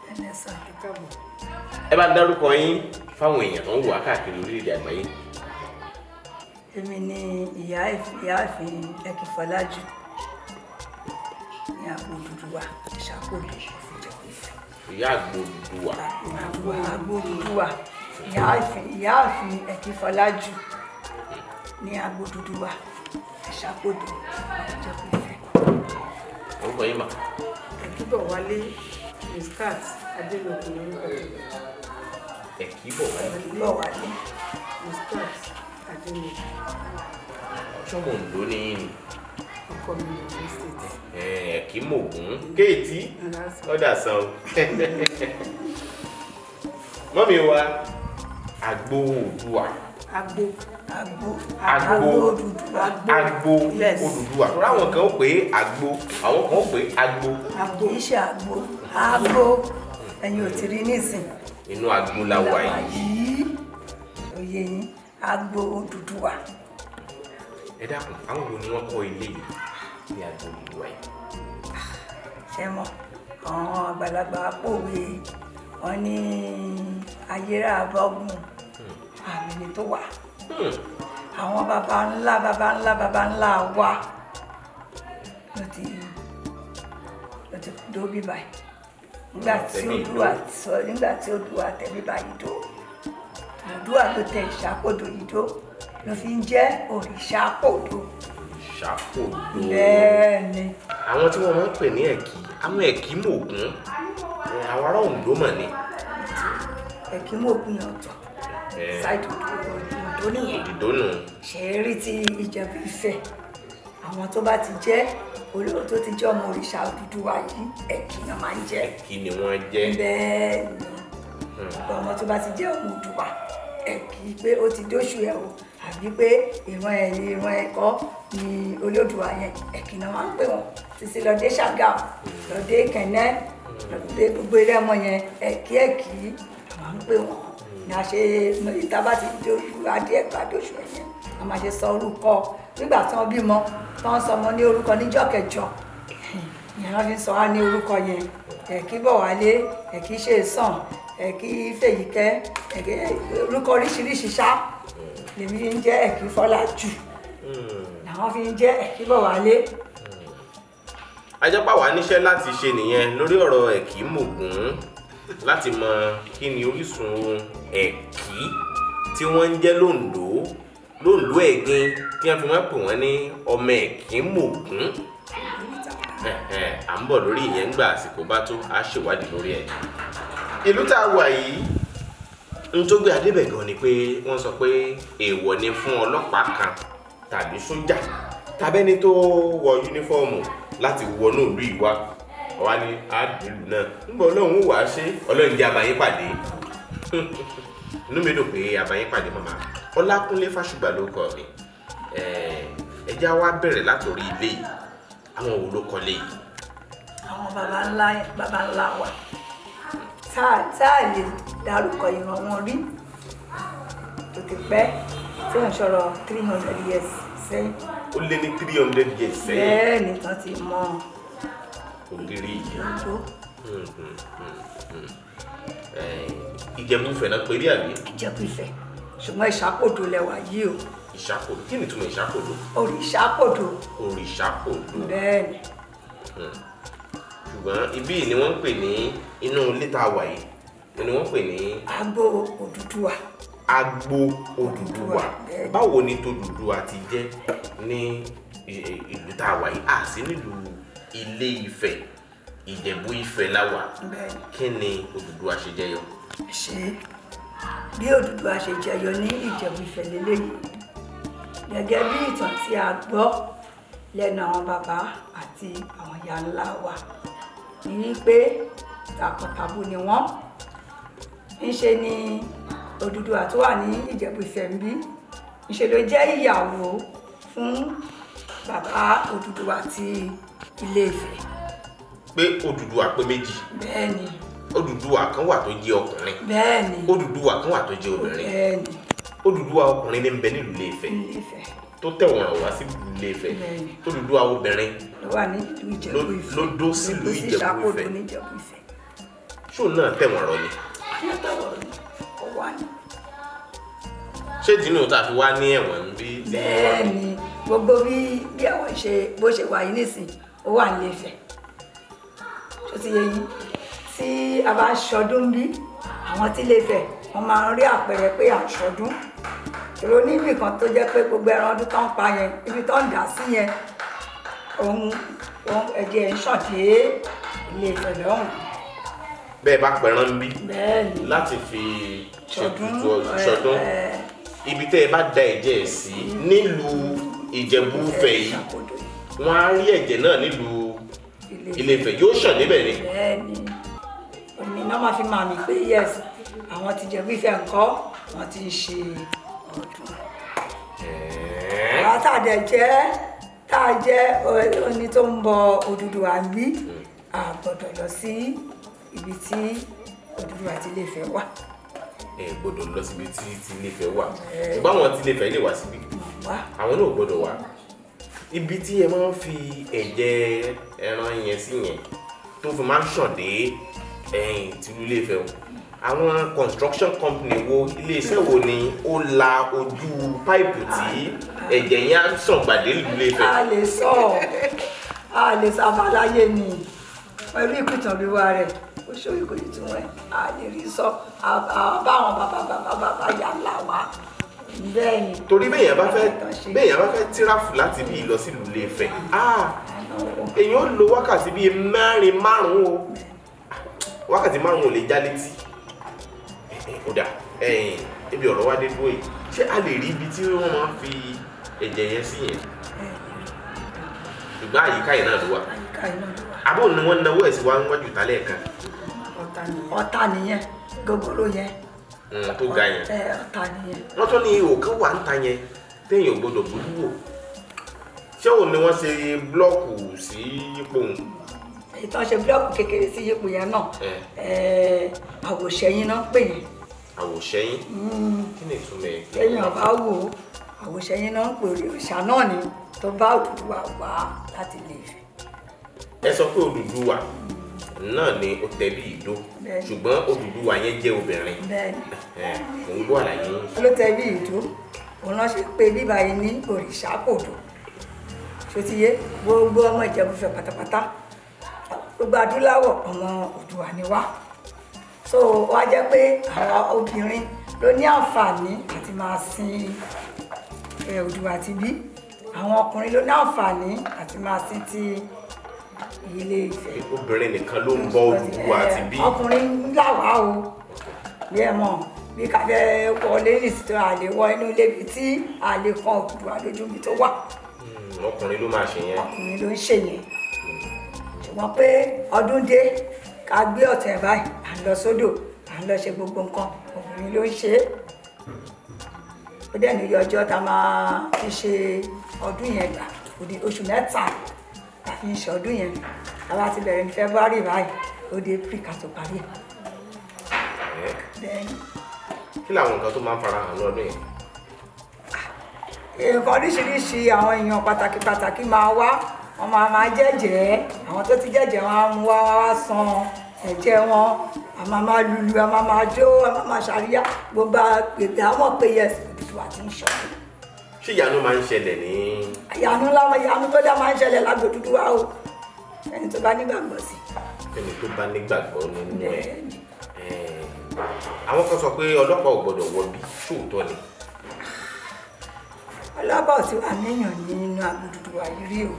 ẹ ní ẹ bá dárúkọ yín fáwọn èèyàn tó ń wà káàkiri orílẹ̀-èdè àgbáyé. èmi ni ìyá ìfín ẹkìfọlájú ní àgbo Odùduwà ìṣàkóso ìfúnjẹ ìyá àgbo Odùduwà. àgbo Odùduwà ìyá àfin ẹkìfọlájú ní àgbo Odùduwà ìṣàkóso ìfúnjẹ ìfẹ. orúkọ yín mà. ẹ̀dúbọ̀ wálé muscat adélòkun lórúkọ tó ẹ̀kíbọ̀ wáyé. ẹ̀kíbọ̀ wáyé muscat adémi. ṣọ́mù ń lò níyìn ni. ọkọ mi ò ní state. ẹ̀kí mògún kéètì ọ̀dà san o. mọ́mi wa àgbo Oòduà. àgbo àgbo àgbo Odùduwà. àgbo Odùduwà. ráwọn kan ó pè é àgbo àwọn kan ó pè agbo, àgbo. àgbo agbo. Agbo, àgbo ẹ̀yin ò ti rí nísìn inú agbo la wà yìí. oyè yín agbo Odùduwà. ẹ dákun àwọn wo ni wọn kọ́ ilé yìí ní agbo Odùduwà yìí. ṣé mo àwọn àgbàlagbà pòwe wọn ní ayéra bọ́gùn hmm. àmì ni tó wà hmm. àwọn baba ńlá baba ńlá baba ńlá wa ló ti ló ti dó báyìí nígbà tí odua sọ nígbà tí odua tẹ̀mí bá yìí dó odua ló tẹ ìṣàkóso yìí dó ló fi ń jẹ́ òrìṣàkóso. ìṣàkóso. bẹ́ẹ̀ni. àwọn tí wọ́n máa ń pè ní ẹ̀kí àwọn ẹ̀kí mògún àwọn ará Oǹdó mọ̀ ni. ẹ̀kí mògún yẹn ọ̀tọ̀ ṣáìdì òdò nìyẹn ṣe é rí ti Ìjẹ̀bú Ifẹ̀ àwọn tó bá ti jẹ́ olóòrò tó ti jẹ́ ọmọ òrìṣà Odùduwà yìí ẹ̀kí náà máa ń jẹ́. ẹ̀kí ni wọ́n jẹ́. bẹ́ẹ̀ ni hmm. ọmọ tó bá ti jẹ́ ọmọ Odùduwà ẹ̀kí pé ó ti dóṣù ẹ̀ o àbí pé ìran ẹ̀ ni ìran ẹ̀kọ́ ni Olódùwà yẹn ẹ̀kí náà máa ń pè wọ́n títí lọ́dẹ Ṣàgámù lọ́dẹ Kẹ̀nẹ́ lọ́dẹ hmm. gbogbo eré ọmọ yẹn ẹ̀kí ẹ̀kí máa pè wọ́n hmm. ni a ṣe ìta bá ti dóṣù adé ẹ̀kọ́ adóṣù ẹ̀yẹn a máa ṣe sọ orúkọ nígbà tí wọ́n bímọ tí wọ́n sọmọ ní orúkọ níjọ́ kẹjọ ìyẹn wọ́n fi sọ wá ní orúkọ yẹn ẹ̀kí bọ̀wálé ẹ̀kí ṣe sàn ẹ̀kí fèyíkẹ́ ẹ̀kí orúkọ oríṣiríṣi ṣá lèmi ń jẹ́ ẹ̀kí fọlájù hmm. làwọn fi ń jẹ́ ẹ̀kí bọ̀wálé hmm. ajẹ́pà wà níṣẹ́ láti ṣe nìyẹn lórí ọ̀rọ̀ ẹ̀kí mògùn láti mọ kí ni orísun ẹ̀kí tí wọ́n ń jẹ́ lóńdó lóńdó ẹ̀gìn kí wọ́n fi máa pè wọ́n ní ọmọ ẹ̀gìn mògún à ń bọ̀ lórí ìyẹn ńgbà àsìkò bá tó a ṣèwádìí lórí ẹ̀. ìlú tá a wà yìí n tó gbé adébẹ̀ gan ni pé wọ́n sọ pé èèwọ̀ ni fún ọlọ́pàá kan tàbí sójà tàbẹ́ni tó wọ yúnífọ́ọ̀mù láti wọnú ìlú ìwà ọ̀wá ni àdìlù náà ń ọlọ́run wàá ṣe ọlọ́run jẹ́ abayín pàdé inú mi dùn pé abayín pàdé màmá Ọlákúnlé Fásùgbà ló kọ mi ẹjẹ́ wa bẹ̀rẹ̀ látòrí ilé yìí àwọn wo ló kọ́lé yìí. àwọn baba ńlá baba ńlá wa tá a lè dárúkọ ìran wọn rí tó ti pẹ́ tí wọ́n sọ̀rọ̀ three hundred years sẹ́yìn. ó lé ní three hundred years sẹ́yìn. bẹ́ẹ̀ ni tán ti mọ. ògiri yìí. Hmm, hmm, hmm, ìjẹ̀bú ìfẹ́ náà péré àbí. ìjẹ̀bú ìfẹ́ ṣùgbọ́n ìṣàkóso lẹwà yìí o. ìṣàkóso kí ni ìtumọ̀ ìṣàkóso. òrìṣàkóso. òrìṣàkóso. bẹ́ẹ̀ni. Hmm. ṣùgbọ́n ibí ni wọ́n ń pè ní inú ilé tá a wà yìí ni wọ́n ń pè ní. agbo Odùduwà. agbo Odùduwà báwo ni tòdùduwà ti jẹ́ ní ìlú tá a wà yìí àti nílùú Ilé Ifẹ̀ Ìjẹ̀bú Ifẹ̀ la kí ni Odùduwà ṣe jẹyọ. ṣe bí Odùduwà ṣe jẹyọ ní Ìjẹ̀bú Ifẹ̀ lélẹ́yìí gẹ́gẹ́ bí ìtàn tí a gbọ́ lẹ́nu àwọn bàbá àti àwọn ìyá ńlá wa ní wípé tàkọ̀tàbù ni wọ́n ńṣe ni Odùduwà tó wà ní Ìjẹ̀bú Ifẹ̀ ń bí ńṣe ló jẹ́ ìyàwó fún bàbá Odùduwà ti Ilé Ifẹ̀. pé Odùduwà pé méjì. bẹ́ẹ̀ ni. Odùduwà kan wà tó jẹ́ ọkùnrin bẹ́ẹ̀ni Odùduwà kan wà tó jẹ́ obìnrin bẹ́ẹ̀ni Odùduwà ọkùnrin ní ń bẹ nílùú Ilé-Ifẹ̀ tó tẹ̀wọ̀n wá sí Ilé-Ifẹ̀ Odùduwà obìnrin ló dó sílùú Ìjẹ̀bú Ifẹ̀ ṣó náà tẹ̀wọ̀n rọ ni. ṣé dínú tá a fi wá ní ẹ̀wọ̀n bí. bẹ́ẹ̀ni gbogbo bí bí àwọn ṣe bó ṣe wà yìí nísìnyí ó wà ní Ilé-Ifẹ̀ ti yẹ yìí tí a bá ṣọdún bí àwọn tí lè fẹ̀ wọ́n máa ń rí àpẹẹrẹ pé à ń ṣọdún èrò níbì kan tó jẹ́ pé gbogbo ẹran ọdún tó ń pa yẹn ibi tó ń dà sí yẹn òun òun ẹ̀jẹ̀ ń ṣàn dé ilé Ifẹ̀ lọ́hùn. bẹ́ẹ̀ bá pẹran ń bí láti fi ṣètùtù ṣọdún ibi tẹ́ ẹ bá da ẹ̀jẹ̀ sí mm-hmm. nílùú ìjẹ̀bú yìí wọ́n á rí ẹ̀jẹ̀ náà nílùú Ilé Ifẹ̀ yóò ṣàn níbẹ̀ ni òní náà máa fi máa mi pé yes àwọn ti jẹ fífẹ ńkọ wọn ti ń ṣe ọdún. àwọn tàdé jẹ tá a jẹ oní tó ń bọ Odùduwà ń bí a gbọ́dọ̀ lọ sí ibi tí Odùduwà ti lè fẹ́ wà. ẹ gbọ́dọ̀ lọ síbi tí ti lè fẹ́ wà ṣùgbọ́n àwọn tí lè fẹ́ lè wá síbi àwọn náà gbọ́dọ̀ wá ibi tí ẹ máa ń fi ẹ̀jẹ̀ ẹran yẹn sí yẹn tó fi máa ń ṣàn dé ẹ̀yìn tìlú Ilé-Ifẹ̀ o àwọn construction company wo iléeṣẹ́ wo ni ó la ojú páìpù tí ẹ̀jẹ̀ yẹn á sàn gbàdé ìlú Ilé-Ifẹ̀. a lè sọ a lè sọ àbáláyé ni pẹ̀lú ìpìtàn wíwá rẹ̀ ó ṣe òyìnbó yìí tí wọ́n á lè rí sọ àbáwọn bàbá bàbá bàbá yà là wá bẹ́ẹ̀ ni. torí béèyàn bá fẹ́ béèyàn bá fẹ́ tíráfù láti bí ìlọsílùú Ilé-Ifẹ̀ ah. ah, èèyàn ó lo wákàtí bíi mẹ́rin márùn-ún o wákàtí márùn ò lè já létí kódà ibi ọ̀rọ̀ wá dé dúró yìí ṣé a lè rí ibi tí wọ́n máa ń fi ẹ̀jẹ̀ yẹn sí yẹn ṣùgbọ́n àyíká yìí náà ló wà àbọ̀ ni wọ́n náwó ẹ̀ sí wa níwájú ìtàlẹ̀ kan. ọ̀tá nìyẹn gogoro yẹn. Mm, tó ga yẹn ọ̀tá nìyẹn. wọ́n tún ní ihò kan wà ń ta yẹn téèyàn gbọ́dọ̀ bójú wò ṣé òun ni wọ́n ṣe blọ́ọ̀kù sí ipò òun ìtàn ṣe búlọ́ọ̀kù kékeré sí yípo yẹn náà eh, àwòṣẹ́yìn náà pè yẹn. àwòṣẹ́yìn hmm. kí ni ìtumọ̀ ẹ̀. lẹ́yìn ọba wò ó àwòṣẹ́yìn náà ń pè òrìṣà náà ni tó bá Odùduwà wá láti lè fi. ẹ sọ pé Odùduwà náà ni ó tẹ̀lé ìdó ṣùgbọ́n Odùduwà yẹn jẹ́ obìnrin òun ló àlàyé. ló tẹ̀lé ìdó òun náà ṣe pé bíbá yìí ní òrìṣà kòdò ṣòtìyé gbogbo ọmọ Ìjẹ̀bú Ifẹ̀ pátápátá gbogbo adúláwọ̀ ọmọ Oòduà ni wá so wá jẹ́ pé àwa obìnrin ló ní àǹfààní àti máa sin eh, Oòduà ti bí àwọn ọkùnrin ló ní àǹfààní àti máa sin ti ilé Ifẹ̀. obìnrin nìkan ló ń bọ Oòduà ti bí. Eh, ọkùnrin ńlá wà o bí ẹ mọ̀ bí káfẹ́ wọlé ìsìtò àlè wọ inú ilé ibi tí àlè kan Oòduà lójú mi tó wà. Hmm, ọkùnrin ló máa ṣe yẹn. ọkùnrin ló ń ṣe yẹn mọ̀ pé ọdún dé ká gbé ọ̀tẹ̀ báyìí à ń lọ sódò à ń lọ ṣe gbogbo nǹkan obìnrin ló ń ṣe é ó dẹ̀ níyọ ọjọ́ tá a máa fi ṣe ọdún yẹn gbà òdi oṣù mẹ́ta la fi ń ṣe ọdún yẹn tá a bá ti bẹ̀rẹ̀ ní February báyìí ó dé April ká tó parí ẹ̀. kí làwọn nǹkan tó máa ń fara hàn lọ́dún yẹn ah, nǹkan oríṣiríṣi àwọn èèyàn pàtàkì pàtàkì máa wá wọn máa máa jẹ́jẹ́ àwọn tó ti jẹ́jẹ́ wọn á mú wá wá san ẹ̀jẹ̀ wọn a máa máa lulu a máa máa jó a máa máa ṣàríyá gbogbo àgbègbè àwọn pé yẹs òdùdú àti ń ṣọlẹ̀. ṣé ìyanu máa ń ṣẹlẹ̀ ní. ìyanu láwọn ìyanu tó dá máa ń ṣẹlẹ̀ lágbo dúdú wa o ẹni tó bá nígbàgbọ́ sí. ẹni tó bá nígbàgbọ́ nínú ẹ àwọn kan sọ pé ọlọ́pàá ò gbọ́dọ̀ wọ bí ṣóòótọ́ ni ah, ọlọ́bọ̀ tí wà níyàn nínú agududu àyírí o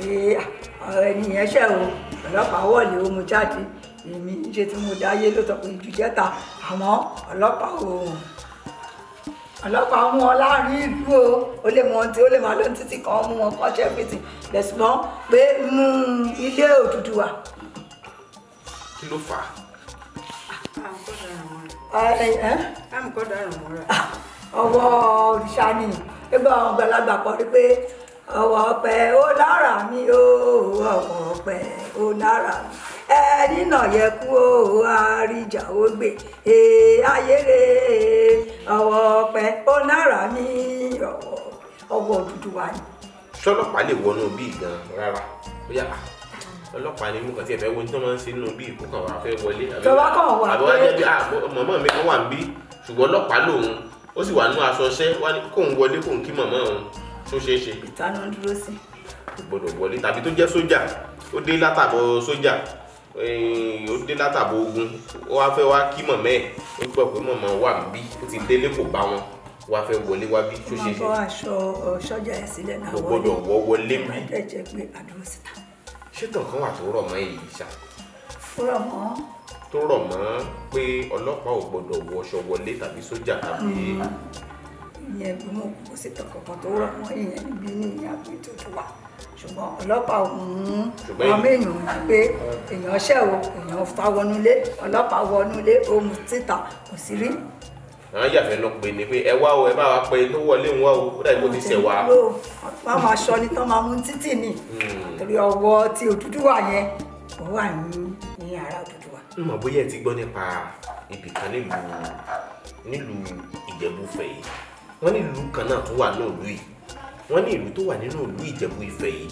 Eh, ah, ẹni yẹn ṣẹ̀ o ọlọ́pàá wọ̀lé o mo jáde èmi ṣe tí mo dáyé ló sọ pé ìjù jẹ́ta àmọ́ ọlọ́pàá o ọlọ́pàá mú wọn láàrin ìlú o ó lè mọ ohun tí ó lè máa lọ títí kan mú wọn kọ́ ṣẹ́fìtì lẹ́sùmọ́ pé mú ilé Odùduwà. kí ló fà á. Ah, ah, eh, eh? ọwọ́ òrìṣà ni ẹgbẹ́ àwọn àgbàlagbà kan rí pé ọwọ́ pe o lára mi ó ọwọ́ pe o lára mi ẹni nà yẹ kú ó àríjà ó gbé ee ayére pe o ó mi ọwọ́ ọwọ́ dudu wa ni. ṣọlọ́pàá lè wọnú bíi gan rárá bóyá ah, ọlọpàá ni nǹkan tí ẹ fẹ́ wo ní tó máa ń ṣe nínú bíi ìkó kan wà fẹ́ wọlé àbí wà àbí wà ah, mọ̀mọ́ mi kan wà ń bí ṣùgbọ́n ọlọ́pàá lòun ó sì wà nínú aṣọ ṣẹ́ kóun wọlé kóun kí mọ̀mọ́ òun tó ṣeé ṣe. ìtanú dúró sí. gbọ́dọ̀ wọlé tàbí tó jẹ́ sójà ó dé látàbọ̀ sójà ó dé látàbọ̀ ogun ó wá fẹ́ wá kí mọ̀mọ́ ẹ̀ ó gbọ́ pé mọ̀mọ́ wà bí ó ti délé kò bá wọn wá fẹ́ wọlé wá bí tó ṣeé ṣe. wọ́n bọ́ aṣọ sójà ẹ̀ sílẹ̀ náà wọlé. gbọ́dọ̀ wọ́ wọlé mi. ẹ̀jẹ̀ pé àdúró síta. ṣé kan wà tó rọ̀ mọ́ èyí ṣá. ó rọ̀ tó rọ̀ mọ́ pé ọlọ́pàá ò gbọ́dọ̀ wọṣọ wọlé tàbí sójà tàbí mm-hmm ìyẹn bí mo kò sí tọkọ̀kan tó rọ̀ mọ́ ìyẹn níbi ní ìyàgbé tó ti wà ṣùgbọ́n ọlọ́pàá ò mú ọmọ èèyàn ní pé èèyàn ṣẹ̀ o èèyàn fa wọnúlé ọlọ́pàá wọnúlé ó mu títà kò sí rí. àwọn yàfẹ́ lọ pé ni pé ẹ wá o ẹ máa wá pé inú wọlé ń wá o ó dàbí ti ṣẹ̀ wá. wọ́n máa ṣọ ni tán máa mú títì ni hmm. torí ọwọ́ ti Odùduwà yẹn ó wà ní ara Odùduwà. n mọ̀ bóyá ẹ ti gbọ́ nípa ibìkan nílùú nílùú ìjẹ̀bú yìí wọ́n ní ìlú kan náà tó wà ní ìlú yìí wọ́n ní ìlú tó wà nínú ìlú ìjẹ̀bú ìfẹ́ yìí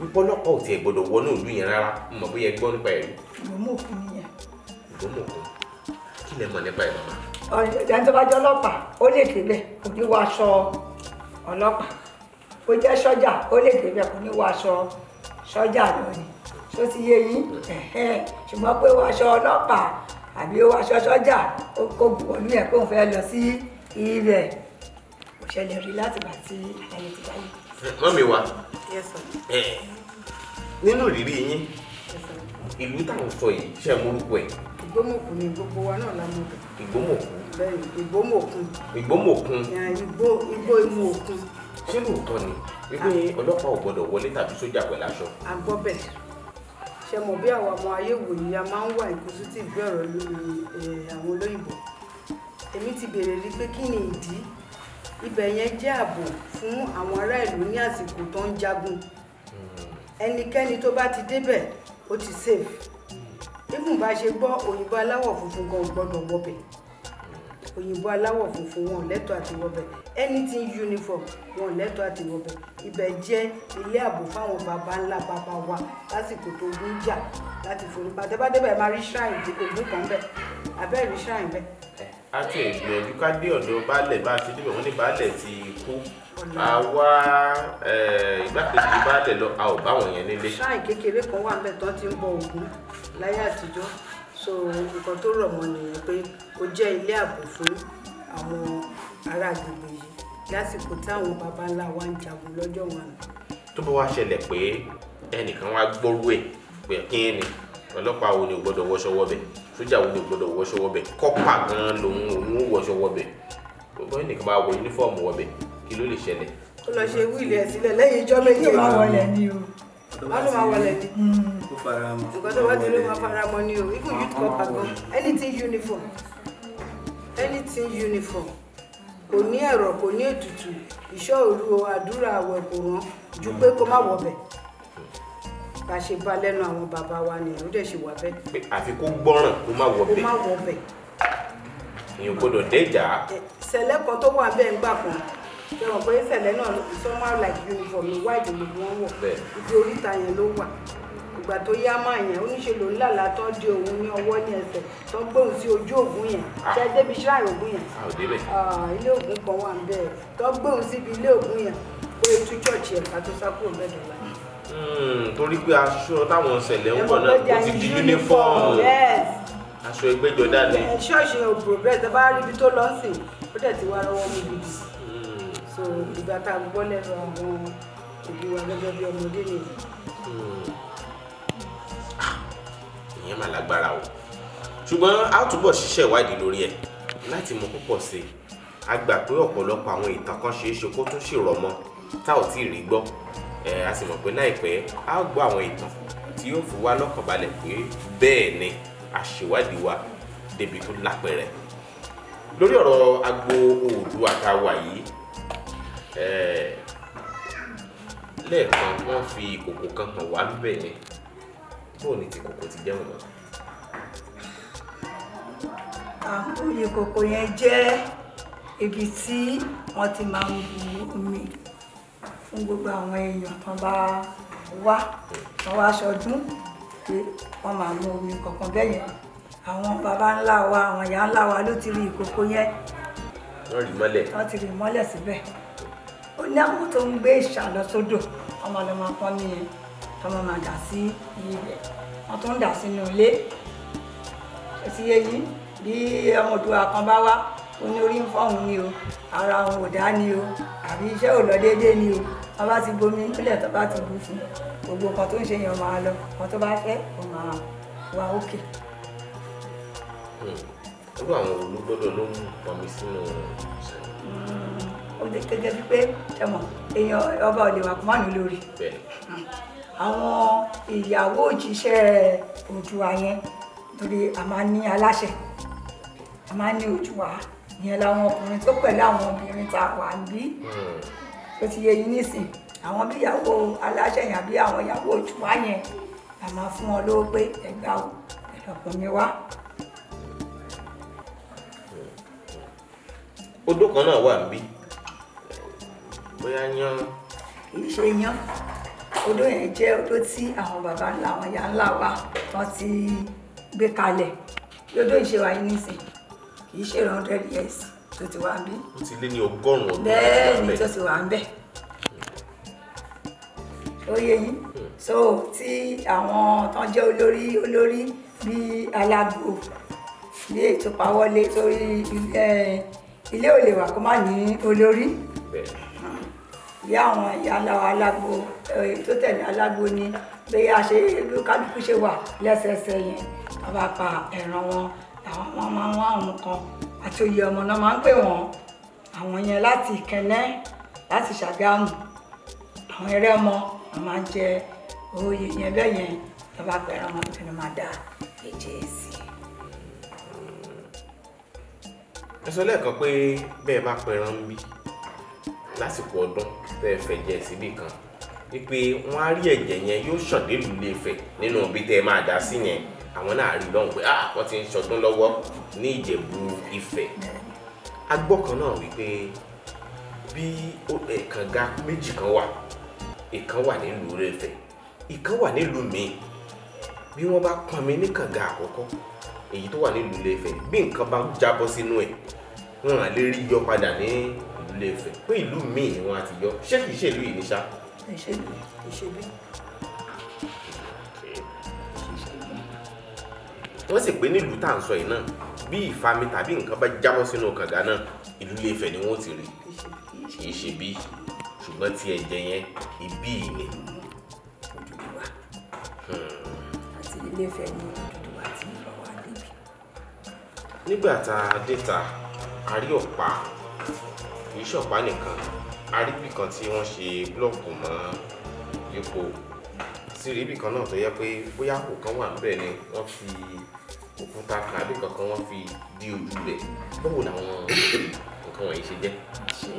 wípọ́lọ́kọ̀ ò tiẹ̀ gbọ́dọ̀ wọnú ìlú yẹn rárá mọ̀ bóyá ẹ gbọ́ nípa ẹ̀rú. ìgbọ́mọ̀kún nìyẹn. ìgbọ́mọ̀kún kí lẹ mọ̀ nípa ẹ̀rọ. ọ̀dẹ̀ntẹ́bájọ́ ọlọ́pàá ó lè débẹ̀ kò ní wọ aṣọ ọlọ́pàá ó jẹ́ sọ́jà ó lè débẹ̀ kò ní wọ aṣọ sọ́jà lónìí tó ti yé yín ṣùgbọ́n pé wọ aṣọ ọlọ́pàá àbí wọ aṣọ sọ́jà ó kó wọnú ẹ̀ pé òun fẹ́ lọ sí ibẹ̀ ṣẹlẹ̀ rí látìgbà tí àdáyé ti dáyé. mọ́mí wa nínú ìrírí yín ìlú táwọn sọ yìí ṣe morúkọ ẹ̀. ìgbómòkun ni gbogbo wa náà la mọ̀ bẹ̀. ìgbómòkun. bẹ́ẹ̀ ìgbómòkun. ìgbómòkun. ìgbó ìgbó imú òkun. ṣé lóòótọ́ ni wípé ah. ọlọ́pàá ò gbọ́dọ̀ wọlé tàbí sójà pẹ̀lú aṣọ. a gbọ́ bẹ́ẹ̀ ṣe mọ̀ bí àwọn ọmọ ayé wòye a máa ń wà ìkóso tí ìgbé ọ̀rọ̀ lórí àwọn olóyìnbó èmi ti béèrè rí pé kí ni ìdí ibẹ̀ yẹn jẹ́ ààbò fún àwọn ará ìlú ní àsìkò tó ń jagun ẹnikẹ́ni tó bá ti débẹ̀ ó ti safe even bá ṣe gbọ́ òyìnbó aláwọ̀ funfun gan gbọ́dọ̀ wọbẹ̀ òyìnbó aláwọ̀ funfun wọn lẹ́tọ̀ọ́ àti wọbẹ̀ anything uniform wọn lẹ́tọ̀ọ́ àti wọbẹ̀ ibẹ̀ jẹ́ ilé ààbò fáwọn baba ńlá baba wa lásìkò tó ń jà láti forí bàtẹ́bàdébẹ̀ máa rí shrine ògùn kan bẹ́ẹ̀ abẹ́rẹ́ shrine bẹ́ẹ̀ a ti ìgbìyànjú ká dé ọ̀dọ̀ baálẹ̀ bá a ti débẹ̀ wọ́n ní baálẹ̀ ti kú a wá ìgbákejì baálẹ̀ lọ a ò bá wọn yẹn nílé. ṣáà kékeré kan wà níbẹ̀ tó ti ń bọ Ògún láyé àtijọ́ so nǹkan tó rọ̀ mọ́ nìyẹn pé ó jẹ́ ilé ààbò fún àwọn ará agbègbè yìí lásìkò táwọn baba ńlá wa ń jagun lọ́jọ́ wọn. tó bá wá ṣẹlẹ̀ pé ẹnìkan wá gbọ́rú ẹ̀ pé kí ni ọlọ́pàá wo ni ò gbọ́dọ̀ wọṣọ wọbẹ̀ sójà wo ni ò gbọ́dọ̀ wọṣọ wọbẹ̀ kọ́pà gan lòun òun ò wọṣọ wọbẹ̀ gbogbo ẹnìkan bá wọ yunifọ́ọ̀mù wọbẹ̀ kí ló lè ṣẹlẹ̀. ó lọ ṣe wíìlì ẹ̀ sílẹ̀ lẹ́yìn ijọ́ méjì ó máa wọlé ni o wọ́n ló máa wọlé ni nǹkan mm. tó bá ti ló máa fara mọ́ ni o even youth kọ́pà gan anything uniform anything uniform kò ní ẹ̀rọ kò ní ètùtù ìṣọ́ òru àdúrà àwẹ̀ kò rán ju pé kó má wọbẹ̀ bá ṣe bá lẹ́nu àwọn bàbá wa ni ìlú dẹ̀ ṣe wà bẹ́ẹ̀. àfi kó gbọ́ràn kó má wọ bẹ́ẹ̀. kó má wọ bẹ́ẹ̀. èèyàn gbọ́dọ̀ dẹ́jà. ṣẹlẹ̀ kan tó wà bẹ́ẹ̀ ńgbà kan ṣe mọ̀ pé ṣẹlẹ̀ náà somehow like uniform white ni wọ́n wọ̀ ibi oríta yẹn ló wà ìgbà tó yá máa yẹn oníṣe ló ń lálà tó di òun ní ọwọ́ ní ẹsẹ̀ tó ń gbóhùn sí ojú ògùn yẹn ah. ṣe débi ṣáà ògùn yẹn ah, ilé ògùn kan wà ń bẹ́ẹ̀ tó ń gbóhùn síbi ilé ògùn yẹn kó etu church yẹn ká tó sá kúrò mẹ́dọ̀ọ́lá Hmm, torí pé aṣọ táwọn ṣẹlẹ̀ ń wọ̀ náà ó ti di uniform aṣọ ẹgbẹ́jọdá ni. ṣọ́ọ̀ṣì òbò bẹ́ẹ̀ tó bá rí ibi tó lọ sí ó dẹ̀ ti wá lọ́wọ́ mi bìbì so ìgbà tá a gbọ́ lẹ́nu àwọn òbí wa gẹ́gẹ́ bí ọmọdé nìyí. Hmm. Ah, ìyẹn mà lágbára o ṣùgbọ́n a túbọ̀ ṣiṣẹ́ ìwádìí lórí ẹ̀ láti mọ púpọ̀ sí i a gbà pé ọ̀pọ̀lọpọ̀ àwọn ìtàn kan ṣeé ṣe kó tún ṣèrọ̀ mọ́ tá ò tí ì rí gbọ́ ẹ a sì mọ̀ pé láìpẹ́ a gbọ́ àwọn ìtàn tí yóò fi wá lọ́kàn balẹ̀ pé bẹ́ẹ̀ ni àṣewádìí wa débi tó lápẹẹrẹ lórí ọ̀rọ̀ agbo oòdùà tá yìí lẹ́ẹ̀kan wọ́n fi ìkòkò kan hàn wá bẹ́ẹ̀ ni bóò ni ti kòkò ti jẹun náà. àkóyè kòkò yẹn jẹ́ ibi tí wọ́n ti máa ń bu omi fún gbogbo àwọn èèyàn kan bá wá wọn wá sọdún pé wọn máa mú omi kankan bẹ́ẹ̀ àwọn baba ńlá wa àwọn ìyá ńlá wa ló ti rí ìkòkò yẹn wọ́n rí mọ́lẹ̀ wọ́n ti rí mọ́lẹ̀ síbẹ̀ ó ní àwọn tó ń gbé ìṣà lọ sódò ọmọ lọ́mọ kan ní tọmọ máa dà sí ilẹ̀ wọ́n tó ń dà sínú ilé sí èyí bí ọmọ òdùwà kan bá wá ó ní orí ń fọ́hún ni o ara òun ò dá ni o àbí iṣẹ́ ò lọ déédéé ni o tó bá ti gbomi nílẹ̀ tó bá ti bù fún gbogbo nǹkan tó ń ṣe yẹn máa lọ nǹkan tó bá fẹ́ ó máa wà òkè. Hmm. irú àwọn olùgbòdò ló ń pọnmi sínú hmm. ó ti gẹ́gẹ́ bíi pé ẹ̀mọ̀ èèyàn ọba ò lè wà kúmọ́nù lórí hmm. àwọn ìyàwó òjíṣẹ́ Oòduà yẹn torí a máa ní aláṣẹ a máa ní Oòduà yẹn làwọn ọkùnrin tó pẹ̀lú àwọn obìnrin tá a wà ń bí ó ti yẹ yín nísìn àwọn bíyàwó aláṣẹyìn àbí àwọn ìyàwó ojú wa yẹn la máa fún wọn lówó pé ẹgbà o ẹlọpọ mi wá. odó kan náà wà níbí bóyá yan. kì í ṣe yan odó yẹn jẹ́ odó tí àwọn baba ńlá àwọn ìyá ńlá wa wọ́n ti gbé kalẹ̀ odó ìṣèwà yín nísìn kì í ṣe hundred years tó ti wà ń bí. ó ti lé ní ọgọ́rùn-ún ọdún bẹ́ẹ̀ni tó ti wà ń bẹ̀. ó yé yín so tí àwọn tán jẹ́ olórí olórí bíi alágbó ní ètò pawọ́lé torí ilé ò lè wà kó má ní olórí bí àwọn ìyá aláwọ̀ alágbó tó tẹ̀lé alágbó ni bí a ṣe kálukú ṣe wà lẹ́sẹẹsẹ yẹn bàbá pa ẹ̀ràn wọn àwọn ọmọ wọn àwọn kan àti oyè ọmọ náà máa ń pè wọ́n àwọn yẹn láti ìkẹ́nẹ́ láti ṣàgámù àwọn eré ọmọ wọn máa ń jẹ oyè yẹn bẹ́ẹ̀ yẹn tó bá pẹ̀lú ọmọ tó fẹ́ẹ́ máa dá èjì èsì. ẹ sọ lẹ́ẹ̀kan pé bẹ́ẹ̀ bá pẹran ń bí lásìkò ọdún tẹ́ ẹ fẹ́ jẹ síbì kan wípé wọ́n á rí ẹ̀jẹ̀ yẹn yóò ṣàn délùú Ilé-Ifẹ̀ nínú ibi tẹ́ ẹ máa dá sí yẹn àwọn náà rí lọ́hùn pé ah wọ́n ti ń ṣọdún lọ́wọ́ ní ìjẹ̀bú ifẹ̀ agbọ́ kan náà wípé bí kànga méjì kan wà ìkan wà nílùú Ifẹ̀ ìkan wà nílùú mi bí wọ́n bá pọn mi ní kànga àkọ́kọ́ èyí tó wà nílùú Ifẹ̀ bí nǹkan bá jábọ́ sínú ẹ̀ wọn à lè rí yọ padà ní ìlú Ifẹ̀ pé ìlú mi ni wọ́n á ti yọ ṣé kìí ṣèlú yìí ní ṣá. ìṣèlú ìṣèlú wọ́n sì pé nílùú tá à ń sọ yìí náà bí ìfami tàbí nǹkan bá jábọ́ sínú kànga náà ìlú Ilé-Ifẹ̀ ni wọ́n ti rí kì í ṣe bí ṣùgbọ́n tí ẹ̀jẹ̀ yẹn ibí ni. Hmm. àti Ilé-Ifẹ̀ ni Odùduwà ti ń bá wa nígbà tá a dé ta a rí ọ̀pá kì í ṣọ̀pá nìkan a rí bìkan tí wọ́n ṣe búlọ̀kù mọ́ epo sí ibì kan náà tó yẹ pé bóyá òkú kan wà níbẹ̀ ni wọ́n fi òkúta kan àbí kankan wọ́n fi dí ojú rẹ̀ báwo làwọn nǹkan wọ̀nyí ṣe jẹ́. ṣé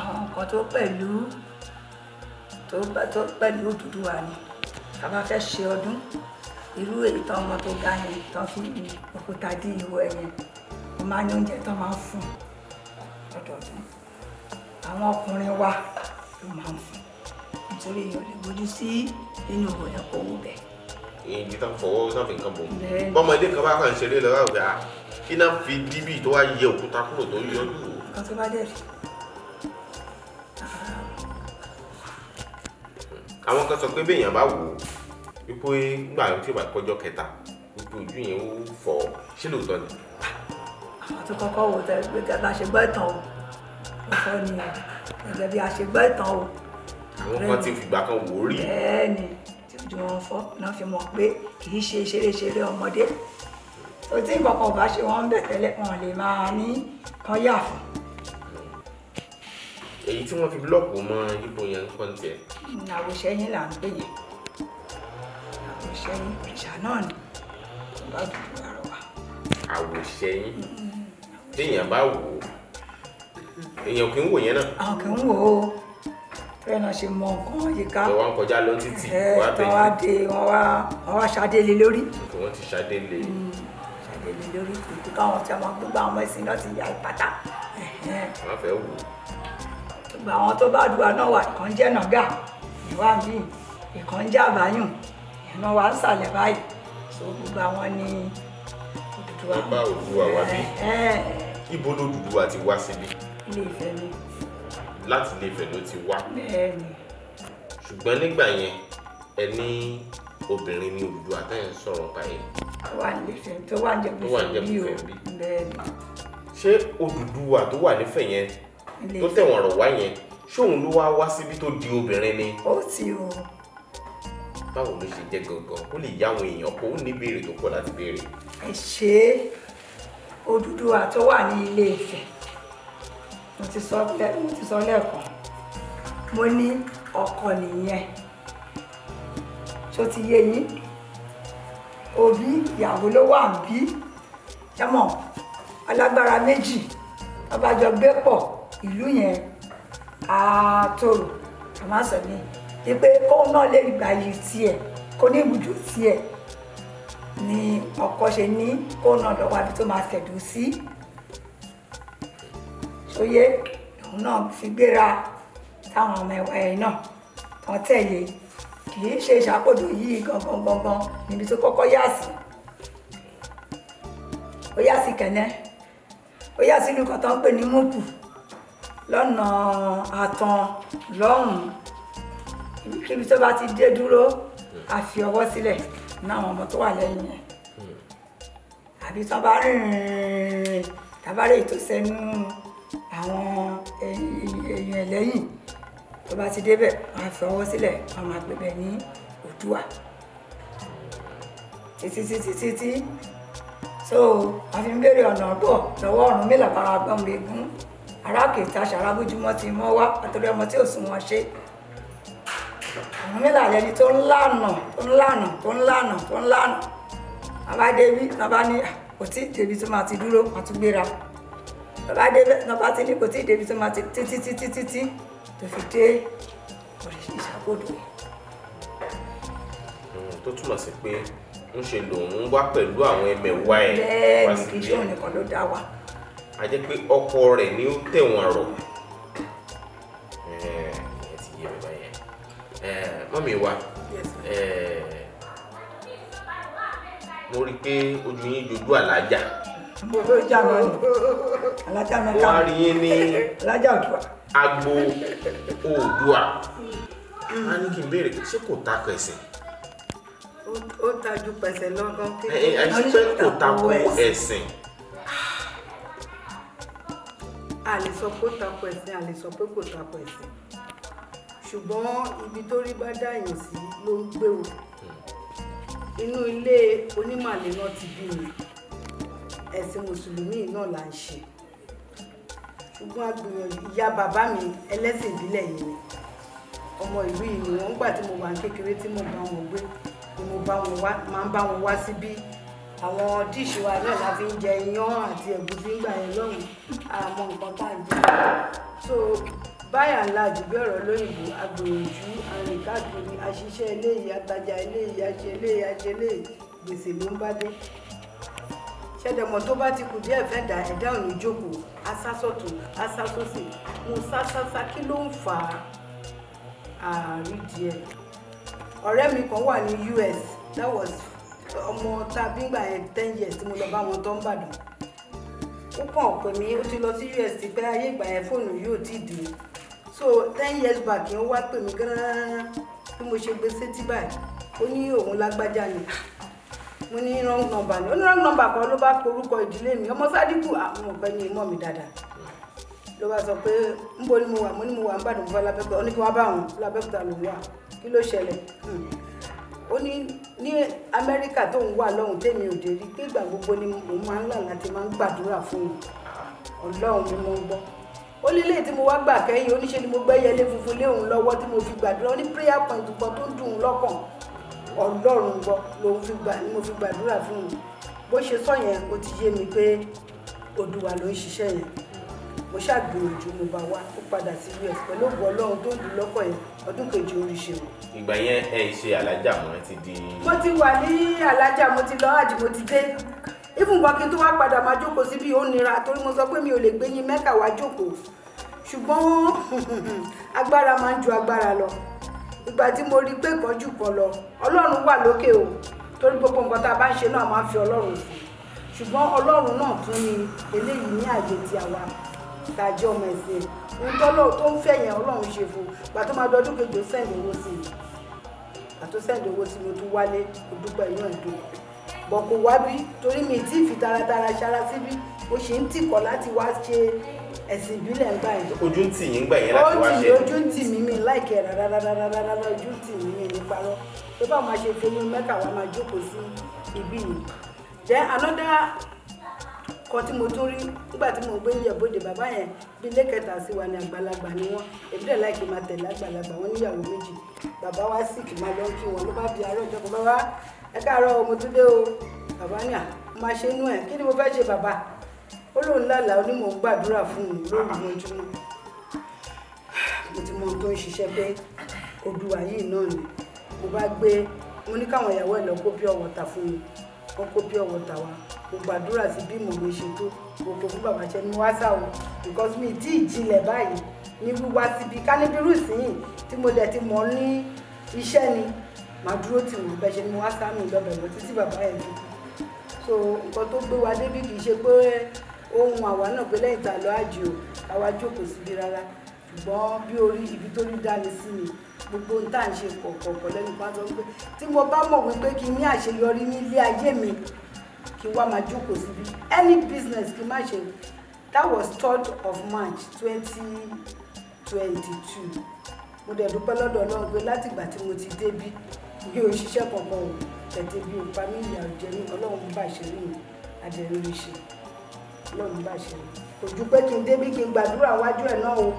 àwọn nǹkan tó pẹ̀lú tó pẹ̀lú Odùduwà ni tá a bá fẹ́ ṣe ọdún irú èyí tán ọmọ tó ga yẹn tán fi òkúta dí ìwọ ẹ̀yẹn mo máa ní oúnjẹ tán máa ń fún ọdọọdún àwọn ọkùnrin wa ló máa ń fún torí èèyàn lè bójú sí inú ọ̀yàn kò wù bẹ́ẹ̀. èyí tó ń fọwọ́ tó fi nǹkan bò bọ́mọdé kan bá kàn ṣeré lọ́wọ́ ọ̀gá kí náà fi díbì tó wá yẹ òkúta kúrò tó yọjú. nǹkan tó bá dẹ̀ rí. àwọn kan sọ pé béèyàn bá wò ó wípé gbà tí ó bá kọjọ kẹta gbogbo ojú yẹn ó fọ ṣé lóòótọ́ ni. àwọn tó kọ́kọ́ wò ó tẹ́ gbé gẹ́gẹ́ bá ṣe gbọ́ ìtàn o ó fọ́ ni àwọn kan ti fìgbà kan wò ó rí. bẹ́ẹ̀ni tí ojú wọn fọ náà fi mọ̀ pé kì í ṣe ṣeréṣeré ọmọdé tó tí nǹkan kan bá ṣe wọn ń bẹ̀ tẹ́lẹ̀ wọn lè máa ní kan yà fún. èyí tí wọ́n fi búlọ́ọ̀kù mọ ibo yẹn ń kọ́ ní tiẹ̀. Hmm, àwòṣẹ́yìn là ń pè yẹn àwòṣẹ́yìn ìṣà náà ni bá dùn lára wa. àwòṣẹ́yìn hmm, téèyàn bá wò ó èèyàn kì í wò yẹn náà. àwọn kì í wò ó bẹ́ẹ̀ ṣe mọ nǹkan yíká. ìwọ ń kọjá lọ títì wá bẹ yìí. wọ́n wá dé wọ́n wá wọ́n wá ṣadélé lórí. wọ́n ti ṣadélé. Hmm, ṣadélé lórí kìí káwọn tí a máa gbogbo àwọn ẹ̀sìn náà ti ya ìpàtà. wọ́n fẹ́ wò. gbogbo àwọn tó bá dùn àná wà ìkan jẹ́ nàgà ìwà bí ìkan jẹ́ àbáyùn ìná wa ń sàlẹ̀ báyìí so gbogbo àwọn ni Odùduwà. wọ́n bá Odùduwà wá bí. ibo ló Odùduwà ti wá síbí. ilé Ifẹ̀ ni láti ilé Ifẹ̀ ló ti wá ṣùgbọ́n nígbà yẹn ẹ ní obìnrin ní Odùduwà àtẹ̀yìn sọ̀rọ̀ báyìí. àwa nífẹ̀ẹ́ tó wà nífẹ̀ẹ́ bí o bẹ́ẹ̀ ni. ṣé Odùduwà tó wà nífẹ̀ẹ́ yẹn tó tẹ̀wọ̀n rọ̀ wá yẹn ṣóun ló wá wá síbi tó di obìnrin ni. ó ti o. báwo ló ṣe jẹ́ gangan ó lè yá àwọn èèyàn kó ó ní ìbéèrè tó pọ̀ láti béèrè. ẹ ṣe Odùduwà tó wà ní Ilé Ifẹ̀ mo ti sọ mo ti sọ lẹ́ẹ̀kan mo ní ọkọ nìyẹn ṣó ti yé yín òbí ìyàwó ló wà bí jẹ́mọ̀ alágbára méjì abájọ gbé pọ̀ ìlú yẹn àtòrò àmásọ̀ ni wípé kóun náà lè gbà yìí tiẹ̀ kó ní ìbùdó tiẹ̀ ni ọkọ ṣe ní kóun náà lọ́wọ́ àbí tó máa tẹ̀dó sí. Si ṣóyé òun náà fi gbéra táwọn ọmọ ẹ̀ náà tán tẹ̀lé kì í ṣe ìṣàkóso yìí gangan gangan níbi tó kọ́kọ́ yà sí ó yà sí kẹ̀nẹ́ ó yà sí nǹkan tó ń pè ní múkù lọ́nà àtàn lọ́hùn-ún kíbi tó bá ti dé dúró a fi ọwọ́ sílẹ̀ náwọn ọmọ tó wà lẹ́yìn yẹn hmm. àbí tán bá rìnrìn tàbá rè tó sẹ́nu àwọn èèyàn ẹlẹ́yìn tó bá ti débẹ̀ wọ́n á fi ọwọ́ sílẹ̀ wọ́n máa pè bẹ́ẹ̀ ní òdùà títí títí títí so wọ́n fi ń béèrè ọ̀nà bọ̀ lọ́wọ́ ọ̀run mélà bára gbọ́n mi gún arákèéta ṣàràbójúmọ́ ti mọ́ wá àtọ́rí ọmọ tí ò sún wọn ṣe ọ̀run mélà lẹni tó ń lànà tó ń lànà tó ń lànà tó ń lànà bàbá débi bàbá ní kò débi tó máa ti dúró wọn tún gbéra bàbá dé lọ́ba ti ní kò ti ì débi tó máa ti títí títí títí tó fi dé oríṣi ìṣàkóso. Hmm, tó túmọ̀ sí pé ń ṣe lòun wá pẹ̀lú àwọn ẹmẹ̀wá ẹ̀ wá sí ilé. bẹ́ẹ̀ ni kì í ṣe òun nìkan ló dá wa. a jẹ́ pé ọkọ rẹ̀ ni ó tẹ̀wọ̀n rọ̀ ẹ ti yé mi báyẹn mọ́mí wa mo rí i pé ojú yín jojú mo tó jà náà ni alájà náà ká wọ́n rí yín ní alájà òdùà. agbo oòdùà a ní kí n béèrè ṣé kò takò ẹ̀sìn. ó tajú pẹ̀sẹ̀ lọ́gán kí. ẹ ẹ ṣe kò takò ẹ̀sìn. ṣùgbọ́n ibi tó rí bá dáyàn sí ló ń gbé o hmm. inú ilé onímàlè náà ti bí mi ẹ̀sìn mùsùlùmí náà là ń ṣe ṣùgbọ́n agbìyànjú ìyá bàbá mi ẹlẹ́sìn ìbílẹ̀ yìí ni ọmọ ìlú yìí ni wọ́n gbà tí mo wà ní kékeré tí mo bá wọn gbé ni mo bá wọn wá máa ń bá wọn wá síbí àwọn díìṣì wa náà la fi ń jẹ iyán àti ẹ̀gúsí ńgbà yẹn lọ́hùn-ún àmọ́ nǹkan tá à ń jẹ so báyà ńlá àdìgbé ọ̀rọ̀ lóyìnbó agbèròjú àrìn káàkiri àṣìṣe eléyìí atajà eléyìí àṣẹ eléyìí àṣẹ eléyìí gbèsè ló ń bá dé ṣẹ̀dẹ̀mọ̀ tó bá ti kù díẹ̀ fẹ́ dà ẹ̀dá ò jókòó asásọ̀tù asásọ̀sì mo sásásá kí ló ń fà á àárín ọ̀rẹ́ mi kan wà ní US that was ọmọ tàbí gbà yẹn ten years tí mo lọ bá wọn tó ń bàdàn ó kàn pè mí ó ti lọ sí US ti pẹ́ ayé ìgbà yẹn fóònù yóò ti dé so ten years back yẹn wá pè mí gánà bí mo ṣe gbé sétí báyìí ó ní òun lágbájá ni mo ní wrong number ní wrong number kan ló bá porúkọ ìdílé mi ọmọ sádìkù àwọn ọ̀gbẹ́ni mọ̀ mi dáadáa ló bá sọ pé ń bo ni mo wà mo ní mo wà ń bàdàn mo fẹ́ lábẹ́kúta ó ní kí wọ́n bá òun lábẹ́kúta ló wà kí ló ṣẹlẹ̀ hmm. ó ní ní amẹ́ríkà tó ń wà lọ́hùn tèmi ò dé rí pé ìgbà gbogbo ni mo máa ń là láti máa ń gbàdúrà fún un ọlọ́run ni mo ń gbọ́ ó lílé tí mo wá gbà kẹ́yìn oníṣe ni mo gbẹ́yẹlé funfun lé lọ́wọ́ tí mo fi gbàdúrà ó ní prayer point kan tó ń dùn ún lọ́kàn ọlọ́run gbọ́ ló fi gbà ni mo fi gbàdúrà fún un bó ṣe sọ yẹn ó ti yé mi pé odùwà ló ń ṣiṣẹ́ yẹn mo ṣàgbìyànjú mo bá wa ó padà sí us pẹ̀lú ògùn ọlọ́run tó ń dùn lọ́kọ̀ yẹn ọdún kejì oríṣi wọn. ìgbà yẹn ẹ ṣe alájà mọ ẹ ti di. mo ti wà ní alájà mo ti lọ àjì mo ti dé ìfúnbọn kí tó wá padà máa jókòó síbi ó nira torí mo sọ pé mi ò lè gbé yín mẹ́ka wá jókòó ṣùgbọ́n agbára máa ń ju agbára lọ ìgbà tí mo rí pé kọjú kọ lọ ọlọ́run wà lókè o torí gbogbo nǹkan tá a bá ń ṣe náà máa ń fi ọlọ́run fún ṣùgbọ́n ọlọ́run náà tún ni eléyìí ní àyè ti àwa tá a jẹ́ ọmọ ẹ̀sìn ohun tọ́lọ́run tó ń fẹ́ yẹn ọlọ́run ṣe fún gbà tó máa dọdún kejì sẹ́ǹdì owó sí mi gbà tó sẹ́ǹdì owó sí mi ó wálé ó dúpẹ́ inú ìdó bọ̀ kò wá bí torí mi tí ì fi taratara ṣara síbí ó ṣe ń tìkọ̀ láti wá ṣe ẹ̀sìn ìbílẹ̀ ń gbà yẹn. ojú ń tì yín gbà yẹn láti wá ṣe. ojú ń tì mí mi láìkẹ́ rárá rárá rárá rárá ojú ń tì mí yẹn ní parọ́ tó bá máa ṣe fún mi mẹ́ta wàá máa jókòó sí ibí yìí. jẹ́ anọ́dá kan tí mo tún rí nígbà tí mo gbé yẹ̀ bóde bàbá yẹn bí ilé kẹta sí wa ní àgbàlagbà ni wọn èmi dẹ̀ láìkí máa tẹ̀lé àgbàlagbà wọn níyàwó méjì bàbá wa sì kì máa lọ kí wọn ló bá di àárọ̀ ìjọba bàbá ẹ káàárọ̀ ọmọ tó dé o bàbá ní à máa ṣe inú ẹ kí ni mo fẹ́ ṣe bàbá ó lóun lálàá onímọ̀ gbàdúrà fún un lóru mo ti mọ ohun tó ń ṣiṣẹ́ pé odùwà yìí náà ni mo bá gbé mo ní káwọn ìyàwó ẹ̀ lọ kó pure water fún mi wọ́n kó pure water wá mo gbàdúrà sí bí mo lè ṣètò gbogbo fún bàbá ṣe ni mo wá because mi tí ìjìnlẹ̀ báyìí ní wíwá síbi kálíbírù sìn tí mo dẹ̀ ti mọ̀ ní iṣẹ́ ni màá dúró tì wọ́n bẹ́ẹ̀ ṣe ni mo wá sáàmì lọ títí bàbá ẹ̀ lọ so nǹkan tó gbé wa débi kì í ṣe pé ohun àwa náà pé lẹ́yìn tá a lọ àjò àwa jókòó síbi rárá ṣùgbọ́n bí orí ibi tó rí dání sí mi gbogbo ohun tá à ń ṣe kọ̀ọ̀kọ̀ọ̀kọ̀ lẹ́nu pa sọ tí mo bá mọ̀ wípé kí n ní àṣeyọrí ní ilé ayé mi kí n wá máa jókòó síbi any business kí n má ṣe that was third of March twenty twenty two mo dẹ̀ dúpẹ́ lọ́dọ̀ náà pé látìgbà tí mo ti débí mi ò ṣiṣẹ́ kankan o tẹ̀tẹ̀ bí o pa mí ní ọlọ́run bá ṣe rí mi adẹ̀rẹ́ ṣe lọ́run bá ṣe kò ju pé kí n débí kí n gbàdúrà wájú ẹ̀ náà o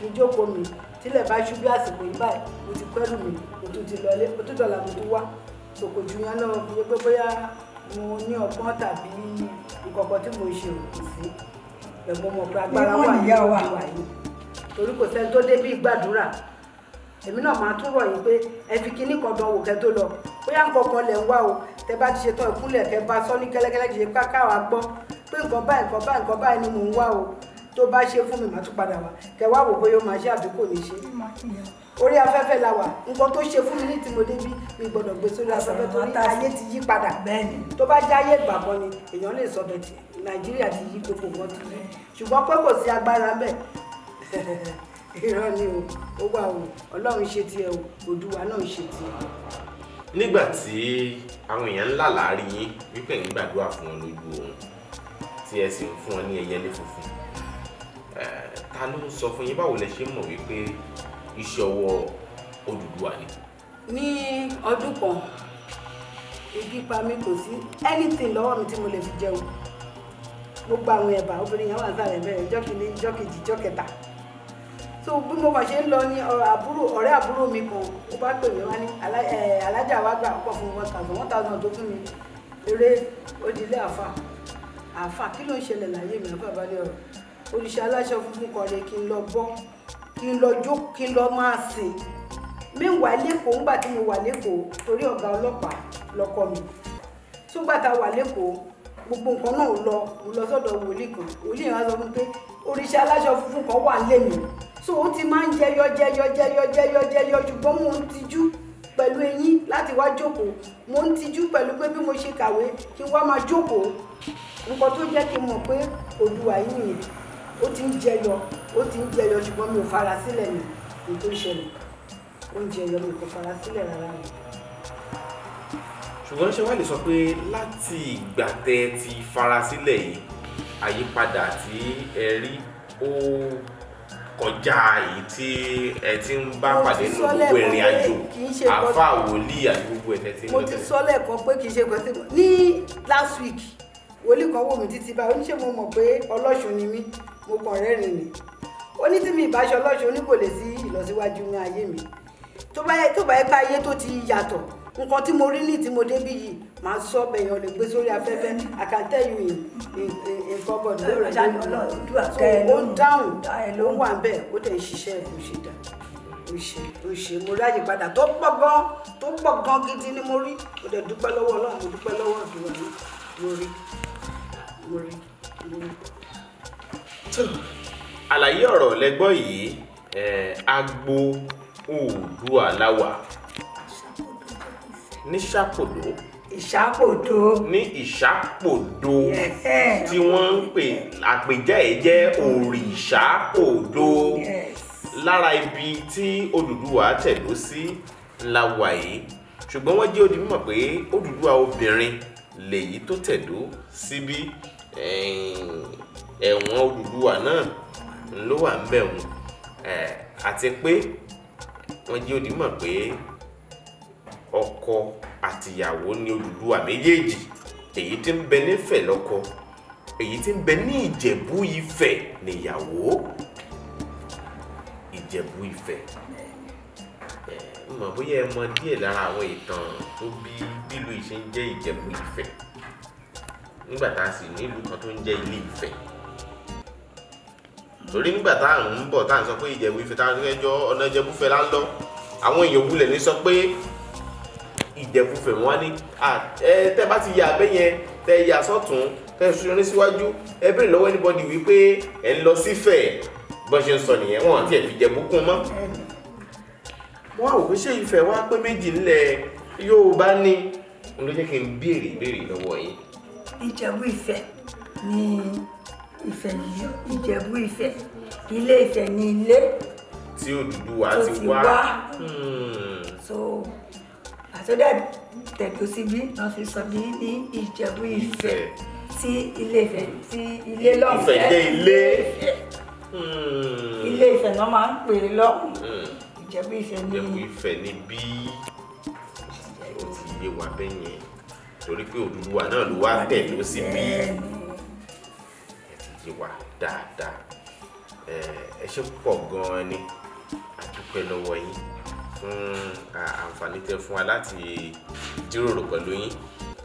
kí n jókòó mi tílẹ̀ bá ṣubú àsìkò yìí báyìí mo ti pẹ́rù mi mo tún ti lọlé mo tún dọ̀là mo tún wá sòkò jù yẹn náà fi pé bóyá mo ní ọgbọ́n tàbí ìkọ̀kọ̀ tí mo ṣe òkú sí ẹ̀gbọ́n mọ̀ pé agbára wà ní ìwà yìí torí kò sẹ́ni tó débí gbàdúrà èmi náà máa tún rọ̀ yín pé ẹ fi kinní kan dánwò kẹ́ tó lọ bóyá nǹkan kan lẹ̀ ń wá o tẹ bá ti ṣe tán ìkúnlẹ̀ kẹ́ bá sọ ní kẹ́lẹ́kẹ́lẹ́ kì í ṣe kákáwá gbọ́ pé nǹkan báyìí nǹkan báyìí nǹkan báyìí ni mò ń wá o tó bá ṣe fún mi màá tún padà wá kẹ́ wá wò bóyá ó máa ṣe àbí kò ní ṣe orí afẹ́fẹ́ la wà nǹkan tó ṣe fún mi ní tìmọ̀dé bí mi gbọ́dọ̀ gbé sórí afẹ́fẹ́ torí ayé ti yí padà tó bá jẹ́ ayé ìgbàgbọ́ ni èèyàn lè sọ bẹ̀tì nàìjíríà ti yí gbogbo wọn ti yí ṣùgbọ́n pé kò sí agbára bẹ́ẹ̀ irọ́ ni o ó wà o ọlọ́run ṣe tiẹ̀ o òdùwà náà ṣe tiẹ̀. nígbà tí àwọn èèyàn ńlá láàárín yín wípé ń gbàdúrà fún wọn lójú oorun tí ẹ sì ń fún wọn ní ẹyẹlé funfun ta ló ń sọ fún yín báwo lẹ ṣe mọ̀ wípé iṣẹ́ ọwọ́ Odùduwà ni. ní ọdún kan igi pa mi kò sí anything lọ́wọ́ mi tí mo lè fi jẹun gbogbo àwọn ẹ̀bà obìnrin yẹn wà sáré bẹ́ẹ̀ jọ́kìnrin jọ́kejì jọ́kẹta so bí mo kàn ṣe ń lọ ní uh, àbúrò ọ̀rẹ́ àbúrò mi kan ó bá pè mí wá ní alájà wa gbà pọ̀ fún one thousand one thousand tó fún mi eré odilé àfà àfà kí ló ń ṣẹlẹ̀ láyé mi àfà balẹ̀ ọ̀rọ̀ òrìṣà aláṣọ funfun kan rè kí n lọ bọ́ kí n lọ jó kí n lọ máa sìn mí wà lẹ́kọ̀ọ́ ńgbà tí mo wà lẹ́kọ̀ọ́ torí ọ̀gá ọlọ́pàá lọ́kọ mi tó gbà tá a wà lẹ́kọ̀ọ́ gbogbo nǹkan náà lọ mo lọ sọ́dọ̀ wòlíì kan wòlíì yẹn wá sọ fún pé òrìṣà aláṣọ funfun kan wà lẹ́mìí so o ti máa ń jẹyọ jẹyọ jẹyọ jẹyọ jẹyọ ṣùgbọ́n mo ń tijú pẹ̀lú eyín láti wá jókòó mo ń tijú pẹ̀lú pé bí mo ṣe kàwé kí n wá máa jókòó nǹkan tó jẹ́ kí n mọ̀ pé òdùwà yìí nìyẹn ó ti ń jẹyọ ó ti ń jẹyọ ṣùgbọ́n mi ò fara sílẹ̀ ní èyí tó ṣẹlẹ̀ ó ń jẹyọ mi kò fara sílẹ̀ rárá mi. ṣùgbọ́n ṣé wàá lè sọ pé láti ìgbà tẹ́ ti fara yìí àyípadà tí ẹ rí ó kọjá èyí tí ẹ ti ń bá pàdé nínú gbogbo ìrìn àjò àfa wòlíì àti gbogbo ẹ̀tẹ̀ tí ń lọ. mo ti sọ lẹ́ẹ̀kan pé kì í ṣe kan sí mi ní last week wòlíì kan wò mí títí báyìí ó ní ṣé mo mọ̀ pé ọlọ́ṣun ni mí mo kàn rẹ́rìn ni ó ní tí mi ìbáṣọ ọlọ́ṣun ní kò lè sí ìlọsíwájú ní ayé mi tó bá yẹ pé ayé tó ti yàtọ̀ nǹkan tí mo rí ní tí mo débi yìí màá sọ ọbẹ̀ yẹn lè gbé sórí afẹ́fẹ́ I can tell you nǹkan bọ̀ lórí rẹ̀ ó ń dáhùn ó wà ń bẹ̀ ó dẹ̀ ń ṣiṣẹ́ kò ṣe dà ó ṣe ó ṣe mo ráyè padà tó pọ̀ gan tó pọ̀ gan gidi ni mo rí mo dẹ̀ dúpẹ́ lọ́wọ́ Ọlọ́run mo dúpẹ́ lọ́wọ́ àdúrà mi mo rí mo rí mo rí. àlàyé ọ̀rọ̀ lẹ́gbọ́ yìí agbo oòdùà láwà ní ṣàpòdó. ìṣàpòdó. ní ìṣàpòdó tí wọ́n ń pè àpèjẹ́ ẹ̀ jẹ́ òrìṣàpòdó lára ibi tí Odùduwà tẹ̀dó sí la wà yìí ṣùgbọ́n wọ́n jẹ́ ó di mímọ̀ pé Odùduwà obìnrin lèyí tó tẹ̀dó síbi ẹ̀wọ̀n Odùduwà náà ló wà ń bẹ̀ wọ́n àti pé wọ́n jẹ́ ó di mímọ̀ pé ọkọ àtìyàwó ni Odùduwà méjèèjì èyí tí ń bẹ nífẹ̀ lọ́kọ èyí tí ń bẹ ní Ìjẹ̀bú Ifẹ̀ níyàwó Ìjẹ̀bú Ifẹ̀ mọ̀ bóyá ẹ mọ díẹ̀ lára àwọn ìtàn tó bí bílù ìṣe ń jẹ́ Ìjẹ̀bú Ifẹ̀ nígbà tá a sì nílùú kan tó ń jẹ́ Ilé Ifẹ̀ torí nígbà tá à ń bọ̀ tá à ń sọ pé Ìjẹ̀bú Ifẹ̀ tá à ń sọ pé ọ̀nà Ìjẹ̀bú Ifẹ̀ là àwọn èèyàn òbúlẹ̀ ní sọ pé ìjẹ̀fufẹ̀ wọn ni tẹ́ bá ti ya abẹ́ yẹn tẹ́ ya sọ́tún tẹ́ sọ́tún síwájú ẹ bèrè lọ́wọ́ anybody wípé ẹ̀ ń lọ sífẹ̀ bọ́n ṣe ń sọ nìyẹn wọn ti ẹ̀ fi jẹ búkún mọ́. wọn ò fi ṣe ìfẹ́ wá pé méjì ńlẹ̀ Yorùbá ni n ló jẹ́ kí n béèrè ìbéèrè lọ́wọ́ yìí. Ìjẹ̀bú Ifẹ̀ ni Ifẹ̀ nìyẹn Ìjẹ̀bú Ifẹ̀ Ilé Ifẹ̀ ni ilé. tí Odùduwà ti wá. Hmm. so àsọdá tẹ̀dó síbí wọ́n fi sọ mí ní ìjẹ̀bú ìfẹ́ sí ilé ìfẹ́ sí ilé lọ́fẹ̀ẹ́. ìfẹ́ jẹ́ ilé. Hmm. ilé ìfẹ́ náà máa ń pè é lọ́hùn. Hmm. ìjẹ̀bú ìfẹ́ ní. ìjẹ̀bú ìfẹ́ ní bí ó ti yé wa bẹ́ẹ̀ yẹn torí pé Odùduwà náà ló wá tẹ̀dó síbí ẹ̀ ti yé wa dáadáa ẹ ṣe pọ̀ gan-an ni a lọ́wọ́ yín fún àǹfààní tẹ́ fún wa láti jíròrò pẹ̀lú yín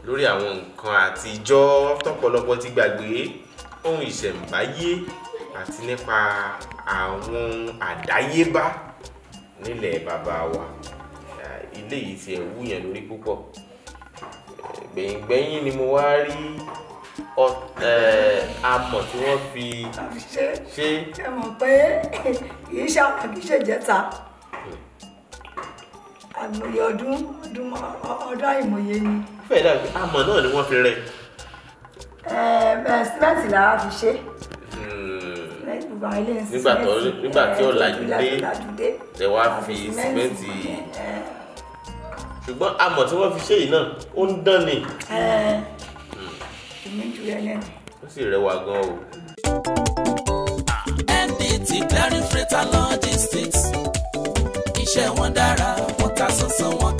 lórí àwọn nǹkan àtijọ́ tọ́pọ̀lọpọ̀ ti gbàgbé ohun ìṣẹ̀ǹbáyé àti nípa àwọn àdáyébá nílẹ̀ bàbá wa ilé yìí ti ẹ̀wú yẹn lórí púpọ̀ gbẹ̀yìngbẹ̀yìn ni mo wá rí amọ̀ tí wọ́n fi ṣe. ṣe mọ̀ pé kì í ṣe àwọn kì í ṣe jẹ́ta àìmọye ọdún ọdún ọdún àìmọye ni. fẹ́ẹ̀ dàbí àmọ̀ náà ni wọ́n fi rẹ̀. símẹ́ǹtì làwa fi ṣe. Hmm. nígbà tí ọ̀làjú dé ẹ wá fi símẹ́ǹtì ṣùgbọ́n àmọ̀ tí wọ́n fi ṣe yìí náà ó ń dán ni. Hmm. èmi ju ẹlẹ́ni. ó sì rẹwà gan o. ẹni tí clearing freighter logistics iṣẹ́ wọn dára wọn want.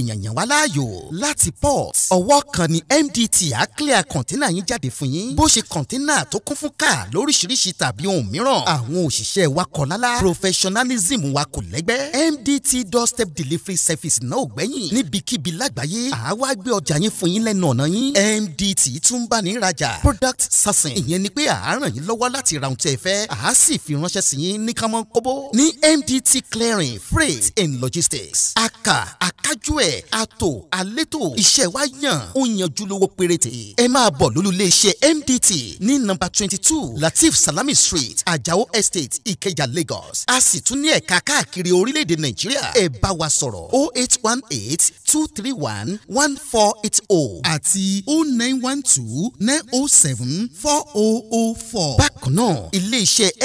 èèyàn yàn wá láàyò láti port ọwọ́ kan ni MDT á clear kọ̀ńténà yín jáde fún yín bó ṣe kọ̀ńténà tó kún fún káà lóríṣiríṣi tàbí ohun mìíràn àwọn òṣìṣẹ́ wa kọ̀ lálá professionalism wa kò lẹ́gbẹ́ MDT doorstep delivery service náà ò gbẹ́yìn níbikíbi lágbàáyé àwa gbé ọjà yín fún yín lẹ́nu ọ̀nà yín MDT tún bá ní ìrajà product sourcing ìyẹn ni pé à ń ràn yín lọ́wọ́ láti ra ohun tí ẹ fẹ́ à á sì fi ránṣẹ́ sí yín ní kánmọ́ kóbó ní MDT clearing freight and logistics aka akájú ẹ̀ àtò àlétò iṣẹ́ wa yàn ó yanjú lówó péréte ẹ máa bọ̀ lólulẹ̀ MDT ní nọ́mbà twenty two Latif Salami Street Ajao Estate Ikeja, Lagos a sì tún ní ẹ̀ka káàkiri orílẹ̀-èdè Nàìjíríà ẹ bá wa sọ̀rọ̀ o oh eight one eight two three one one four eight O. Oh àti o oh nine one two nine o seven four o o four. bákan náà ilé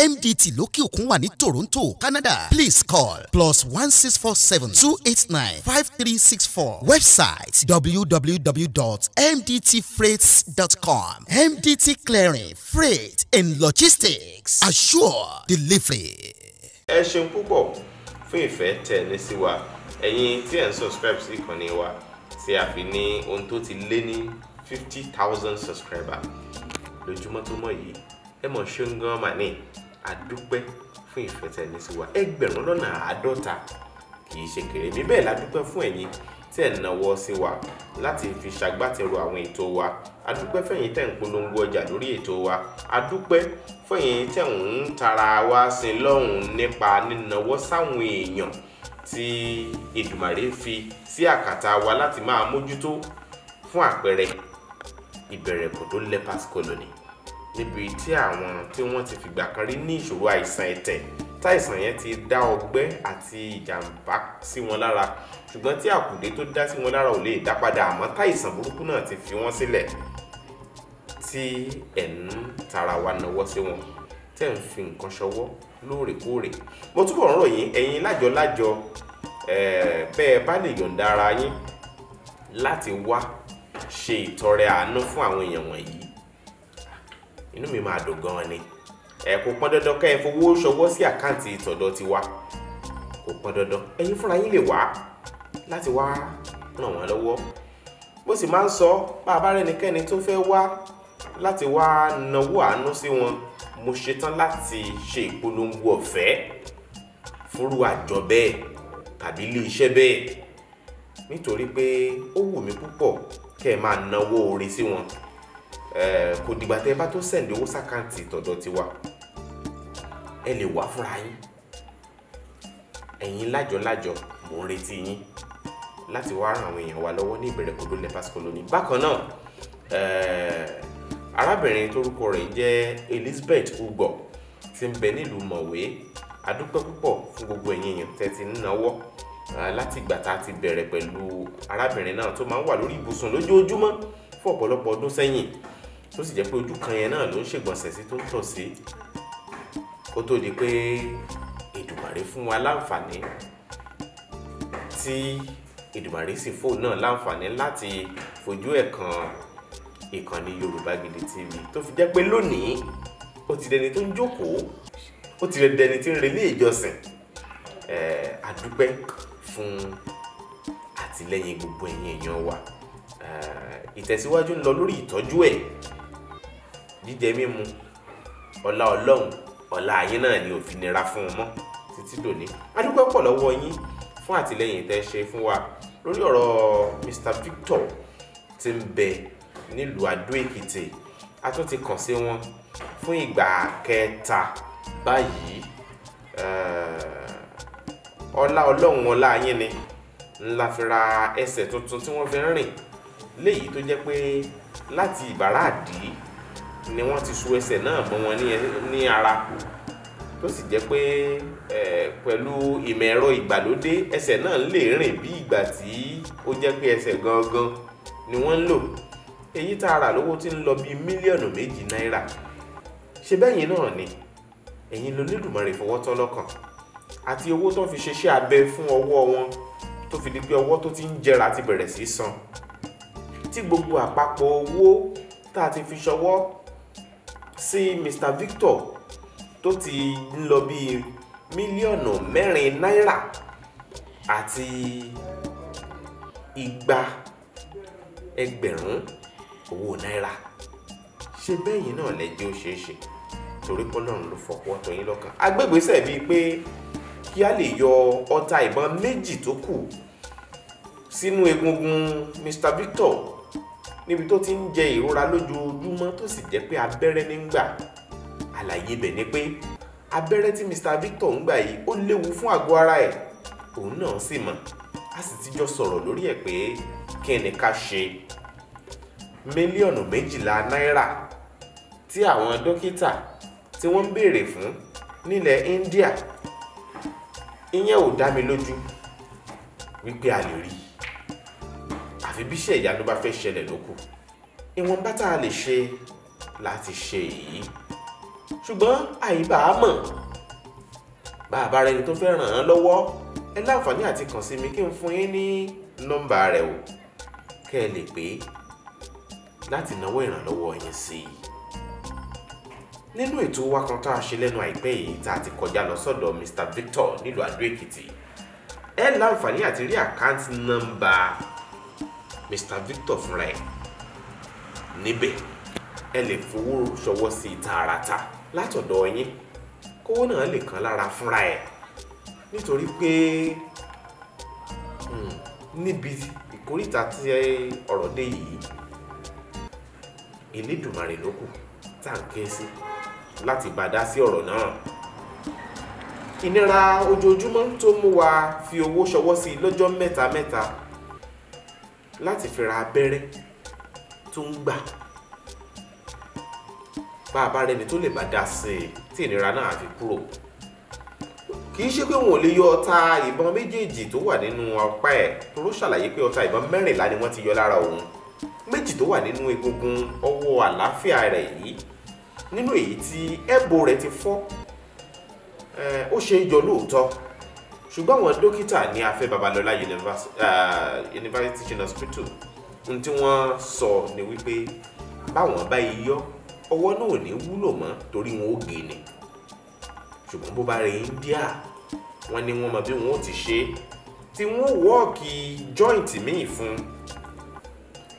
MDT lókè òkun wà ní Toronto Canada please call plus one six four seven two eight nine five three Six four Website www.mdtfreights.com. MDT Clearing, Freight and Logistics. Assure delivery. Ẹ ṣeun púpọ̀ fún ìfẹ́ tẹ̀lé sí wa ẹ̀yin tí ẹ̀ ń subscribe sí ìkànnì wa tí a fi ní ohun tó ti lé ní fifty thousand subscriber lójúmọ́ tó mọ̀ yìí ẹ mọ̀ ṣeun gan mà ní àdúpẹ́ fún ìfẹ́ tẹ̀lé sí wa ẹgbẹ̀rún lọ́nà àádọ́ta kì í ṣe kèrèmí bẹ́ẹ̀ la dúpẹ́ fún ẹ̀yin tí ẹ̀ náwó sí wa láti fi ṣàgbátẹrù àwọn ètò wa a dúpẹ́ fẹ̀yìn tẹ̀ ń polongo ọjà lórí ètò wa a dúpẹ́ fẹ̀yìn tẹ̀ ń tara wá sí lọ́hùn nípa nínáwó sáwọn èèyàn tí Èdùmàrè fi sí àkàtà wa láti máa mójútó fún àpẹẹrẹ ìbẹ̀rẹ̀ kòtó lepers colony níbi tí àwọn tí wọ́n ti fìgbà kan rí ní ìṣòro àìsàn ẹ̀tẹ̀ táìsàn yẹn ti dá ọgbẹ́ àti ìjàmbá sí wọn lára ṣùgbọ́n tí àkùdé tó dá sí wọn lára ò lè dá padà àmọ́ táìsàn burúkú náà ti fi wọ́n sílẹ̀ tí ẹ̀ ń tara wa nawọ́ sí wọn tẹ́ ń fi nǹkan ṣọwọ́ lóòrèkóòrè mo túbọ̀ ń ròyìn ẹ̀yin lájọlájọ bẹ́ ẹ bá lè yọ̀ǹda ara yín láti wá ṣe ìtọrẹ àánú fún àwọn èèyàn wọ̀nyí inú mi máa dùn gan-an ni ẹ kò pọn dandan kẹ́ ẹ fowó ṣọwọ́ sí àkáǹtì ìtọ̀dọ̀ tiwa kò pọn dandan ẹ̀yin fúnra yín lè wá láti wá ràn wọ́n lọ́wọ́ bó sì máa ń sọ bá a bá rẹ́nikẹ́ni tó fẹ́ wá láti wá nawó àánú sí wọn mo ṣetán láti ṣe ìpolongo ọ̀fẹ́ fúnrú àjọ bẹ́ẹ̀ tàbí ilé iṣẹ́ bẹ́ẹ̀ nítorí pé ó wù mí púpọ̀ kẹ́ ẹ máa nawó oore sí wọn kò dìgbà tẹ́ ẹ bá tó sẹ̀ǹdì owó sàkáǹtì tọ̀dọ̀ tiwa ẹ lè wá fúnra yín ẹ̀yin lájọlájọ mò ń retí yín láti wá ran àwọn èèyàn wa lọ́wọ́ ní ìbẹ̀rẹ̀ kodo lepers colony bákan náà eh, arábìnrin torúkọ rẹ̀ jẹ́ Elizabeth Ugbọ tí ń bẹ nílùú Mọ̀wé adúpẹ́ púpọ̀ fún gbogbo ẹ̀yin èèyàn tẹ́ ti ń náwó eh, láti ìgbà tá a ti bẹ̀rẹ̀ pẹ̀lú arábìnrin náà tó máa ń wà lórí ibùsùn lójoojúmọ́ fún ọ̀pọ̀lọpọ̀ ọdún sẹ́yìn tó sì jẹ́ pé ojú kan yẹn náà ló ń ṣègbọ̀nsẹ̀ sí tó ń tọ̀ sí kó tó di pé Èdùmàrè fún wa láǹfààní tí Èdùmàrè sì fóun náà láǹfààní láti fojú ẹ̀ kan ìkànnì Yorùbá Gidi TV tó fi jẹ́ pé lónìí ó ti dẹni tó ń jókòó ó ti dẹni tí ń relé ìjọsìn a dúpẹ́ fún àtìlẹ́yìn gbogbo ẹ̀yin èèyàn wa ìtẹ̀síwájú ń lọ lórí ìtọ́jú ẹ̀ jíjẹ mímu ọlá Ọlọ́run ọ̀la ayé náà ni òfin nira fún un mọ́ títí dòní a dúpẹ́ pọ̀ lọ́wọ́ yín fún àtìlẹ́yìn tẹ́ ṣe fún wa lórí ọ̀rọ̀ Mr Victor tí ń bẹ nílùú Adó Èkìtì a tún ti kàn sí wọn fún ìgbà kẹta báyìí ọlá ọlọ́run ọlá yín ni ńlá fi ra ẹsẹ̀ tuntun tí wọ́n fi ń rìn léyìí tó jẹ́ pé láti Ìbàràdì ni wọ́n ti so ẹsẹ̀ náà mọ́ wọn ní ara tó sì jẹ́ pé pẹ̀lú ìmọ̀ ẹ̀rọ ìgbàlódé ẹsẹ̀ náà lè rìn bí ìgbà tí ó jẹ́ pé ẹsẹ̀ gangan ni wọ́n ń lò èyí tá a rà lówó tí ń lọ bí mílíọ̀nù méjì náírà ṣe bẹ́yìn náà ni ẹ̀yin lolódùmarè fọwọ́tọ́ lọ́kàn àti owó tó fi ṣeṣẹ́ abẹ fún ọwọ́ wọn tó fi di pé ọwọ́ tó ti ń jẹrà ti bẹ̀rẹ̀ sí san tí gbogbo àpapọ̀ owó tá a ti fi ṣọwọ́ sí Mr Victor tó ti ń lọ bí mílíọ̀nù mẹ́rin náírà àti igba ẹgbẹ̀rún owó náírà ṣe bẹ́yìn náà lẹ́jọ́ ṣeéṣe torí pọ́lọ́run ló fọwọ́ tó yín lọ́kàn agbègbèsẹ̀ bíi pé kí a lè yọ ọta ìbọn méjì tó kù sínú egungun Mr Victor níbi tó ti ń jẹ ìrora lójoojúmọ́ tó sì jẹ́ pé abẹ́rẹ́ ní ń gbà àlàyé ibẹ̀ ni pé abẹ́rẹ́ tí Mr Victor ń gbà yìí ó léwu fún àgọ́ ara ẹ̀ òun náà sì mọ̀ a sì ti jọ sọ̀rọ̀ lórí ẹ̀ pé kí ni ká ṣe mílíọ̀nù méjìlá náírà tí àwọn dókítà tí wọ́n ń béèrè fún nílẹ̀ India ìyẹn ò dá mi lójú wípé a lè rí i àfi bíṣẹ́ ìyanu bá fẹ́ ṣẹlẹ̀ lókù ìwọ̀nba tá a lè ṣe láti ṣe èyí ṣùgbọ́n àyíbá a mọ̀ bá a bá rẹni tó fẹ́ ràn án lọ́wọ́ ẹ láǹfààní àti kàn sí mi kí n fún yín ní nọ́mbà rẹ̀ o kẹ́ ẹ lè pè láti náwó ìrànlọ́wọ́ yín sí i nínú ètò wa kan tá a ṣe lẹ́nu àìpẹ́ yìí tá a ti kọjá lọ sọ́dọ̀ Mr Victor nílùú Adó Èkìtì ẹ láǹfààní àti rí àkáǹtì nọ́mbà Mr Victor fúnra ẹ̀ níbẹ̀ ẹ lè fowó ṣọwọ́ sí i tààràtà látọ̀dọ̀ yín kówó náà lè kàn lára fúnra ẹ̀ nítorí pé hmm, níbi ìkóríta tí ọ̀rọ̀ dé yìí Elédùmarè ló kù tá à ń ké sí láti bá dá sí ọ̀rọ̀ náà ìnira ojoojúmọ́ tó mú wa fi owó ṣọwọ́ sí i lọ́jọ́ mẹ́ta mẹ́ta láti fi ra abẹ́rẹ́ tó ń gbà bá a bá rẹni tó lè má dá sí i tí ìnira náà fi kúrò kì í ṣe pé wọn ò lè yọ ọta ìbọn méjèèjì tó wà nínú ọpá ẹ̀ tó ṣàlàyé pé ọta ìbọn mẹ́rìnlá ni wọ́n ti yọ lára òun méjì tó wà nínú egungun ọwọ́ àlàáfíà rẹ̀ yìí nínú èyí tí ẹ̀bù rẹ̀ ti fọ́ ó ṣe é yọ lóòótọ́ ṣùgbọ́n àwọn dókítà ní afẹ́ babalọ́lá university teaching hospital ohun tí wọ́n sọ ni wípé báwọn bá yí yọ ọwọ́ náà ò ní wúlò mọ́ torí wọn ò gé ṣùgbọ́n bó bá rẹ̀ India wọ́n ní wọ́n mọ bí wọ́n ó ti ṣe tí wọ́n wọ́ọ̀kì joint míì fún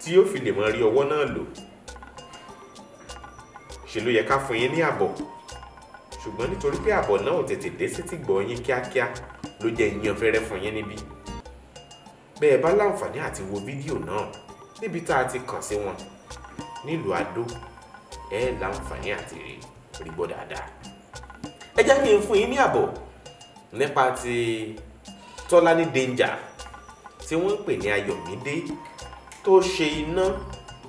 tí yóò fi lè mọ rí ọwọ́ náà lò ṣe ló yẹ ká fún yín ní àbọ̀ ṣùgbọ́n nítorí pé àbọ̀ náà ò tètè dé sétí gbọ́ yín kíákíá ló jẹ́ ìyàn fẹ́rẹ́ fún yín níbí bẹ́ẹ̀ bá láǹfààní àti wo fídíò náà níbi tá a ti kàn sí wọn nílùú Adó ẹ láǹfààní àti rí dáadáa ẹ jẹ́ kí n fún yín ní àbọ̀ nípa ti Tọ́lání Danger tí wọ́n ń pè ní Ayọ̀mídé tó ṣe iná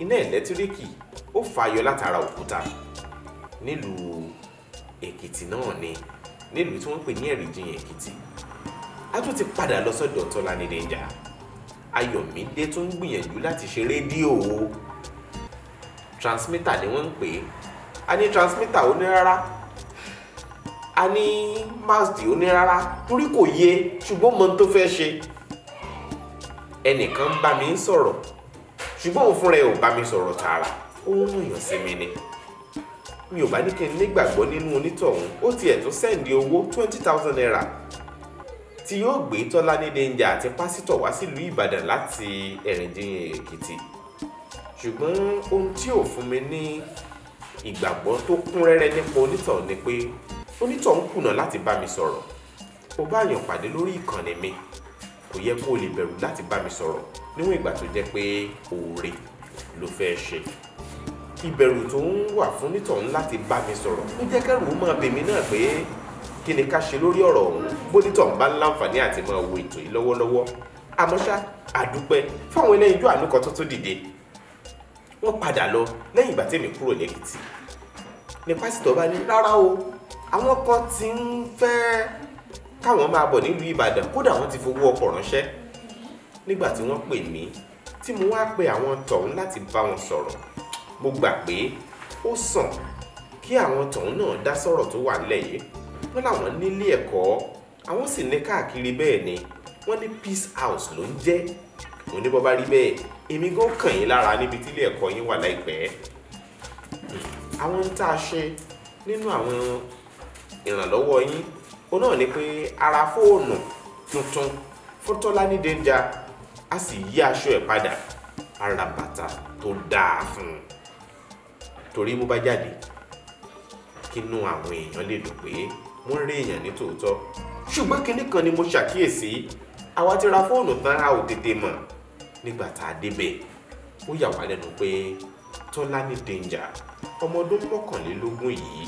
iná ẹ̀lẹ́tíríkì ó fàyọ látara òkúta nílùú Èkìtì náà ni nílùú tí wọ́n ń pè ní Ẹ̀rìnjiyàn Èkìtì a tún ti padà lọ sọ́dọ̀ Tọ́lání Dénjà Ayọ̀mídé tó ń gbìyànjú láti ṣe rédíò o transmitter ni wọ́n ń pè é a ní transmitter ó ní a ní masdi ó ní rárá torí kò yé ṣùgbọ́n mọ tó fẹ́ ṣe ẹnìkan bá mi ń sọ̀rọ̀ ṣùgbọ́n òun fúnra ẹ̀ ò bá mi sọ̀rọ̀ tààrà ó ń ròyàn sí mi ni mi ò bá ní kí n nígbàgbọ́ nínú onítọ̀hún ó tiẹ̀ tún sẹ́ǹdì owó twenty thousand naira tí yóò gbé Tọ́lání Dénjà àti pásítọ̀ wá sílùú Ìbàdàn láti Ẹ̀rìndínyìn Èkìtì ṣùgbọ́n ohun tí ò fún mi ní ìgbàgbọ́ tó kún rẹ́rẹ́ nípa onítàn ni pé onítàn ń kùnà láti bá mi sọ̀rọ̀ mo bá yàn pàdé lórí ìkànnì mi kò yẹ kó o lè bẹ̀rù láti bá mi sọ̀rọ̀ níwọ̀n ìgbà tó jẹ́ pé oore ló fẹ́ ṣe ìbẹ̀rù tó ń wà fún onítàn láti bá mi sọ̀rọ̀ ń jẹ́ kẹ́rù ó máa bèmí náà pé kí ni ká ṣe lórí ọ̀rọ̀ ọ̀hún bónítọ̀ ń bá láǹfààní àti máa wo ètò yìí lọ́wọ́lọ́wọ́ àmọ́ àdúpẹ́ fáwọn ẹlẹ́yinjú àánú kan tó tó dìde wọ́n padà lọ lẹ́yìn ìgbà tèmi kúrò lẹ́kìtì ni pásítọ̀ bá ní rárá o àwọn kan ti ń fẹ́ káwọn máa bọ̀ nílùú Ìbàdàn kódà wọ́n ti fowó ọkọ̀ ránṣẹ́ nígbà tí wọ́n pè mí tí mo wá pe àwọn tọ̀hún láti bá wọn sọ̀rọ̀ mo gbà pé ó sàn kí àwọn tọ̀hún náà dá sọ̀rọ̀ tó wà nílẹ̀ yìí wọ́n làwọn nílé ẹ̀kọ́ àwọn sì ní káàkiri bẹ́ẹ̀ ni wọ́n ní peace house ló ń jẹ́ mo ní bó bá rí bẹ́ẹ̀ èmi gan kàn yín lára níbi tílé ẹ̀kọ́ yín wà láìpẹ́ àwọn ń tá a ṣe nínú àwọn ìrànlọ́wọ́ yín òun náà ni pé ara fóònù tuntun fún Tọ́lání Danger a sì yí aṣọ ẹ̀ padà ara bàtà tó dáa fún un torí mo bá jáde kínú àwọn èèyàn lè dùn pé wọ́n rí èèyàn ní tòótọ́ ṣùgbọ́n kinní kan ni mo ṣàkíyèsí àwa ti ra fóònù tán a ò tètè mọ̀ nígbà tá a débẹ̀ ó yà wá lẹ́nu pé tọ́lá ní dènjà ọmọ ọdún mọ́kànlélógún yìí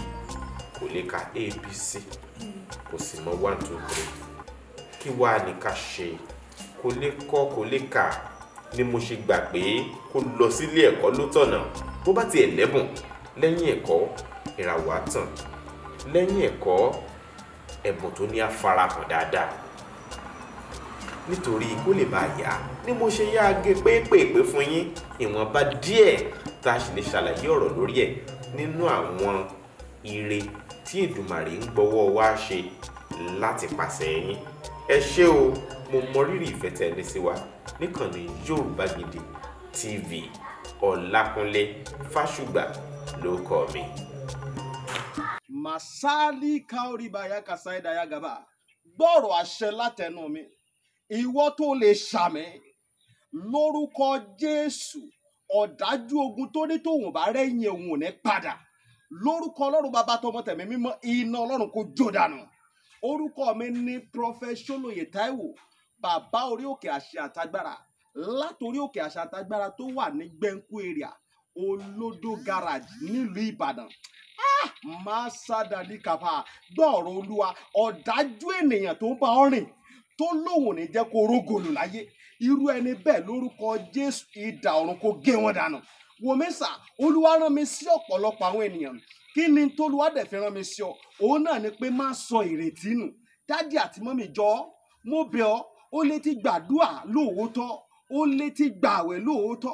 kò lè ka abc kò sì mọ one two three kí wàá ní ká ṣe kò lè kọ́ kò lè kà ni mo ṣe gbà pé kó lọ sílé ẹ̀kọ́ ló tọ̀nà bó bá tiẹ̀ lẹ́bùn lẹ́yìn ẹ̀kọ́ ìràwọ̀ àtàn lẹ́yìn ẹ̀kọ́ ẹ̀bùn tó ní afarahàn dáadáa nítorí kó lè bá yá ni mo ṣe yá agé pépèpé fún yín ìwọ̀nba díẹ̀ tá a sì lè ṣàlàyé ọ̀rọ̀ lórí ẹ̀ nínú àwọn ire tí Èdùmàrè ń gbọ́wọ́ wá ṣe láti pàṣẹ yín ẹ ṣé o mo mọrírì ìfẹ́ tẹ́ ní sí wa níkànnì Yorùbá Gidi TV Ọlákúnlé Fásùgbà ló kọ mi masali kaoribaya kasaidaya gaba gbọ́rọ̀ àṣẹ látẹnu mi ìwọ tó lè ṣàmì lórúkọ jésù ọ̀dájú ogun tó ní tòun bá rẹ́yìn òun ò ní padà lórúkọ ọlọ́run bàbá tọmọ tẹ̀mí mímọ́ iná ọlọ́run kò jó dànù orúkọ mi ní prọfẹsọlóye táíwò bàbá orí òkè àṣẹ àtagbára látòrí òkè àṣẹ àtagbára tó wà ní gbẹ̀ǹkú èrìà olódó garage nílùú ìbàdàn ah, máa sádàdí kàfà gbọ́ọ̀rọ̀ olúwa ọ̀dájú ènìyàn tó ń bá ọ rìn tó lóun ní jẹ́ kó rógòlù láyé irú ẹni bẹ́ẹ̀ lórúkọ jésù idà ọ̀run kó gé wọn dànù wòmísà olúwa rán mi sí ọ̀pọ̀lọpọ̀ àwọn ènìyàn kí ni tolúwa dẹ̀ fi rán mi sí ọ òun náà ni pé má sọ ìrètí nù dádì àti mọ́mì jọ ọ́ mo bẹ̀ ọ́ ó lè ti gbàdúà lóòótọ́ ó lè ti gbààwẹ̀ lóòótọ́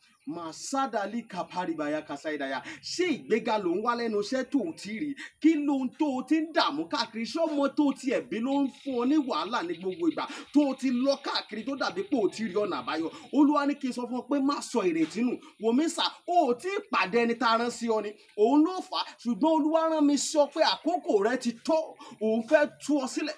màsádàlì kàpárìbàyà kàsáìdàyà ṣé ìgbéga ló ń wá lẹ́nu iṣẹ́ tó o ti rí kí ló ń tó o ti ń dààmú káàkiri ṣé ọmọ tó o ti ẹ̀bí ló ń fún ọ ní wàhálà ní gbogbo ìgbà tó o ti lọ káàkiri tó dàbí pé o ti rí ọ̀nà àbáyọ olúwa ní kí n sọ fún ọ pé má sọ ìrètí nù wòmí o ò tí ì pàdé ẹni tá a rán sí ọ ni òun ló fà á ṣùgbọ́n olúwa rán mi sọ pé àkókò rẹ ti tó òun fẹ́ tú ọ sílẹ̀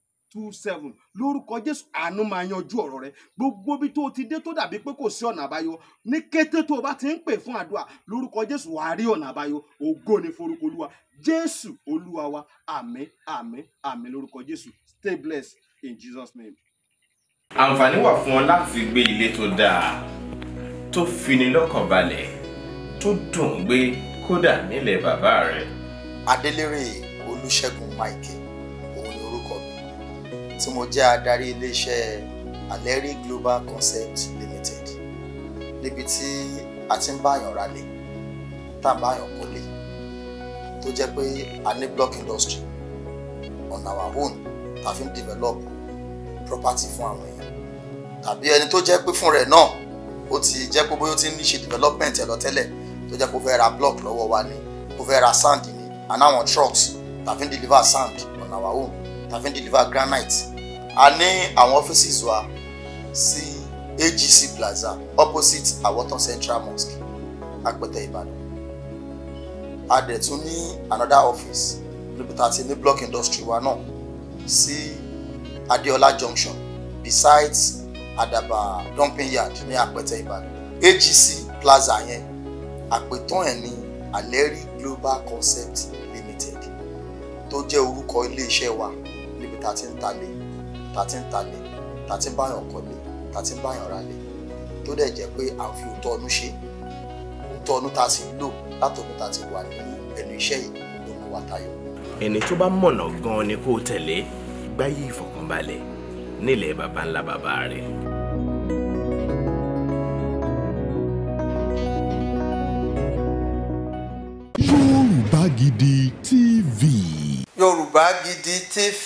two seven lórúkọ jésù àánú máa yanjú ọ̀rọ̀ rẹ gbogbo bí tó ti dé tó dàbí pé kò sí ọ̀nà àbáyọ ní kété tó o bá ti ń pè fún àdúrà lórúkọ jésù wàá rí ọ̀nà àbáyọ ògo ni forúkọ olúwa jésù olúwa wa àmín àmín àmín lórúkọ jésù stay blessed in jesus name. àǹfààní wà fún ọ láti gbé ilé tó dáa tó fini lọ́kàn balẹ̀ tó dùn gbé kódà nílẹ̀ bàbá rẹ. adélèrè olùṣègùn michael tí mo jẹ́ adarí iléeṣẹ́ Aleri Global Concept Limited níbi tí a ti ń báyàn ralé tá a báyàn kọ́lé tó jẹ́ pé a ní block industry on our own tá fi ń develop property fún àwọn èèyàn tàbí ẹni tó jẹ́ pé fún rẹ̀ náà ó ti jẹ́ pé bóyá ó ti ń ṣe development ẹ̀ lọ tẹ́lẹ̀ tó jẹ́ pé ó fẹ́ ra block lọ́wọ́ wa ni ó fẹ́ ra sand ni and àwọn trucks tá fi ń deliver sand on our own tá fi ń deliver granite a ní àwọn offices wa sí AGC Plaza opposite Awotan Central Mosque Apẹtẹ Ìbàdàn a dẹ̀ tún ní another office níbi tá a ti ní block industry wa náà sí Adeola Junction besides Adaba dumping yard ní Apẹtẹ Ìbàdàn AGC Plaza yẹn àpètàn ẹ̀ ní Aleri Global Concept Limited tó jẹ́ orúkọ iléeṣẹ́ wa níbi tá a ti ń talé ta ti ń talé ta ti ń báyàn kọ́lé ta ti ń báyàn ralé tó dẹ̀ jẹ́ pé à ń fi òótọ́ ọdún ṣe òótọ́ ọdún ta sì lò látọ̀dún ta ti wà nínú ẹnu iṣẹ́ yìí ló mú wa tayọ. ẹni tó bá mọ̀nà gan-an ni kó o tẹ̀lé gbáyé ìfọ̀kànbalẹ̀ nílẹ̀ baba ńlá baba rẹ̀. Yorùbá Gidi TV. Yorùbá Gidi TV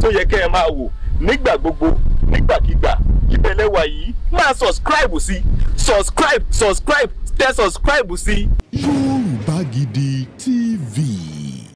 tó yẹ kẹ́ ẹ máa wò nígbà gbogbo nígbàkigbà ìbẹ̀lẹ̀ wà yìí máa subscribe sí subscribe subscribe tẹ subscribe sí. Yorùbá Gidi TV.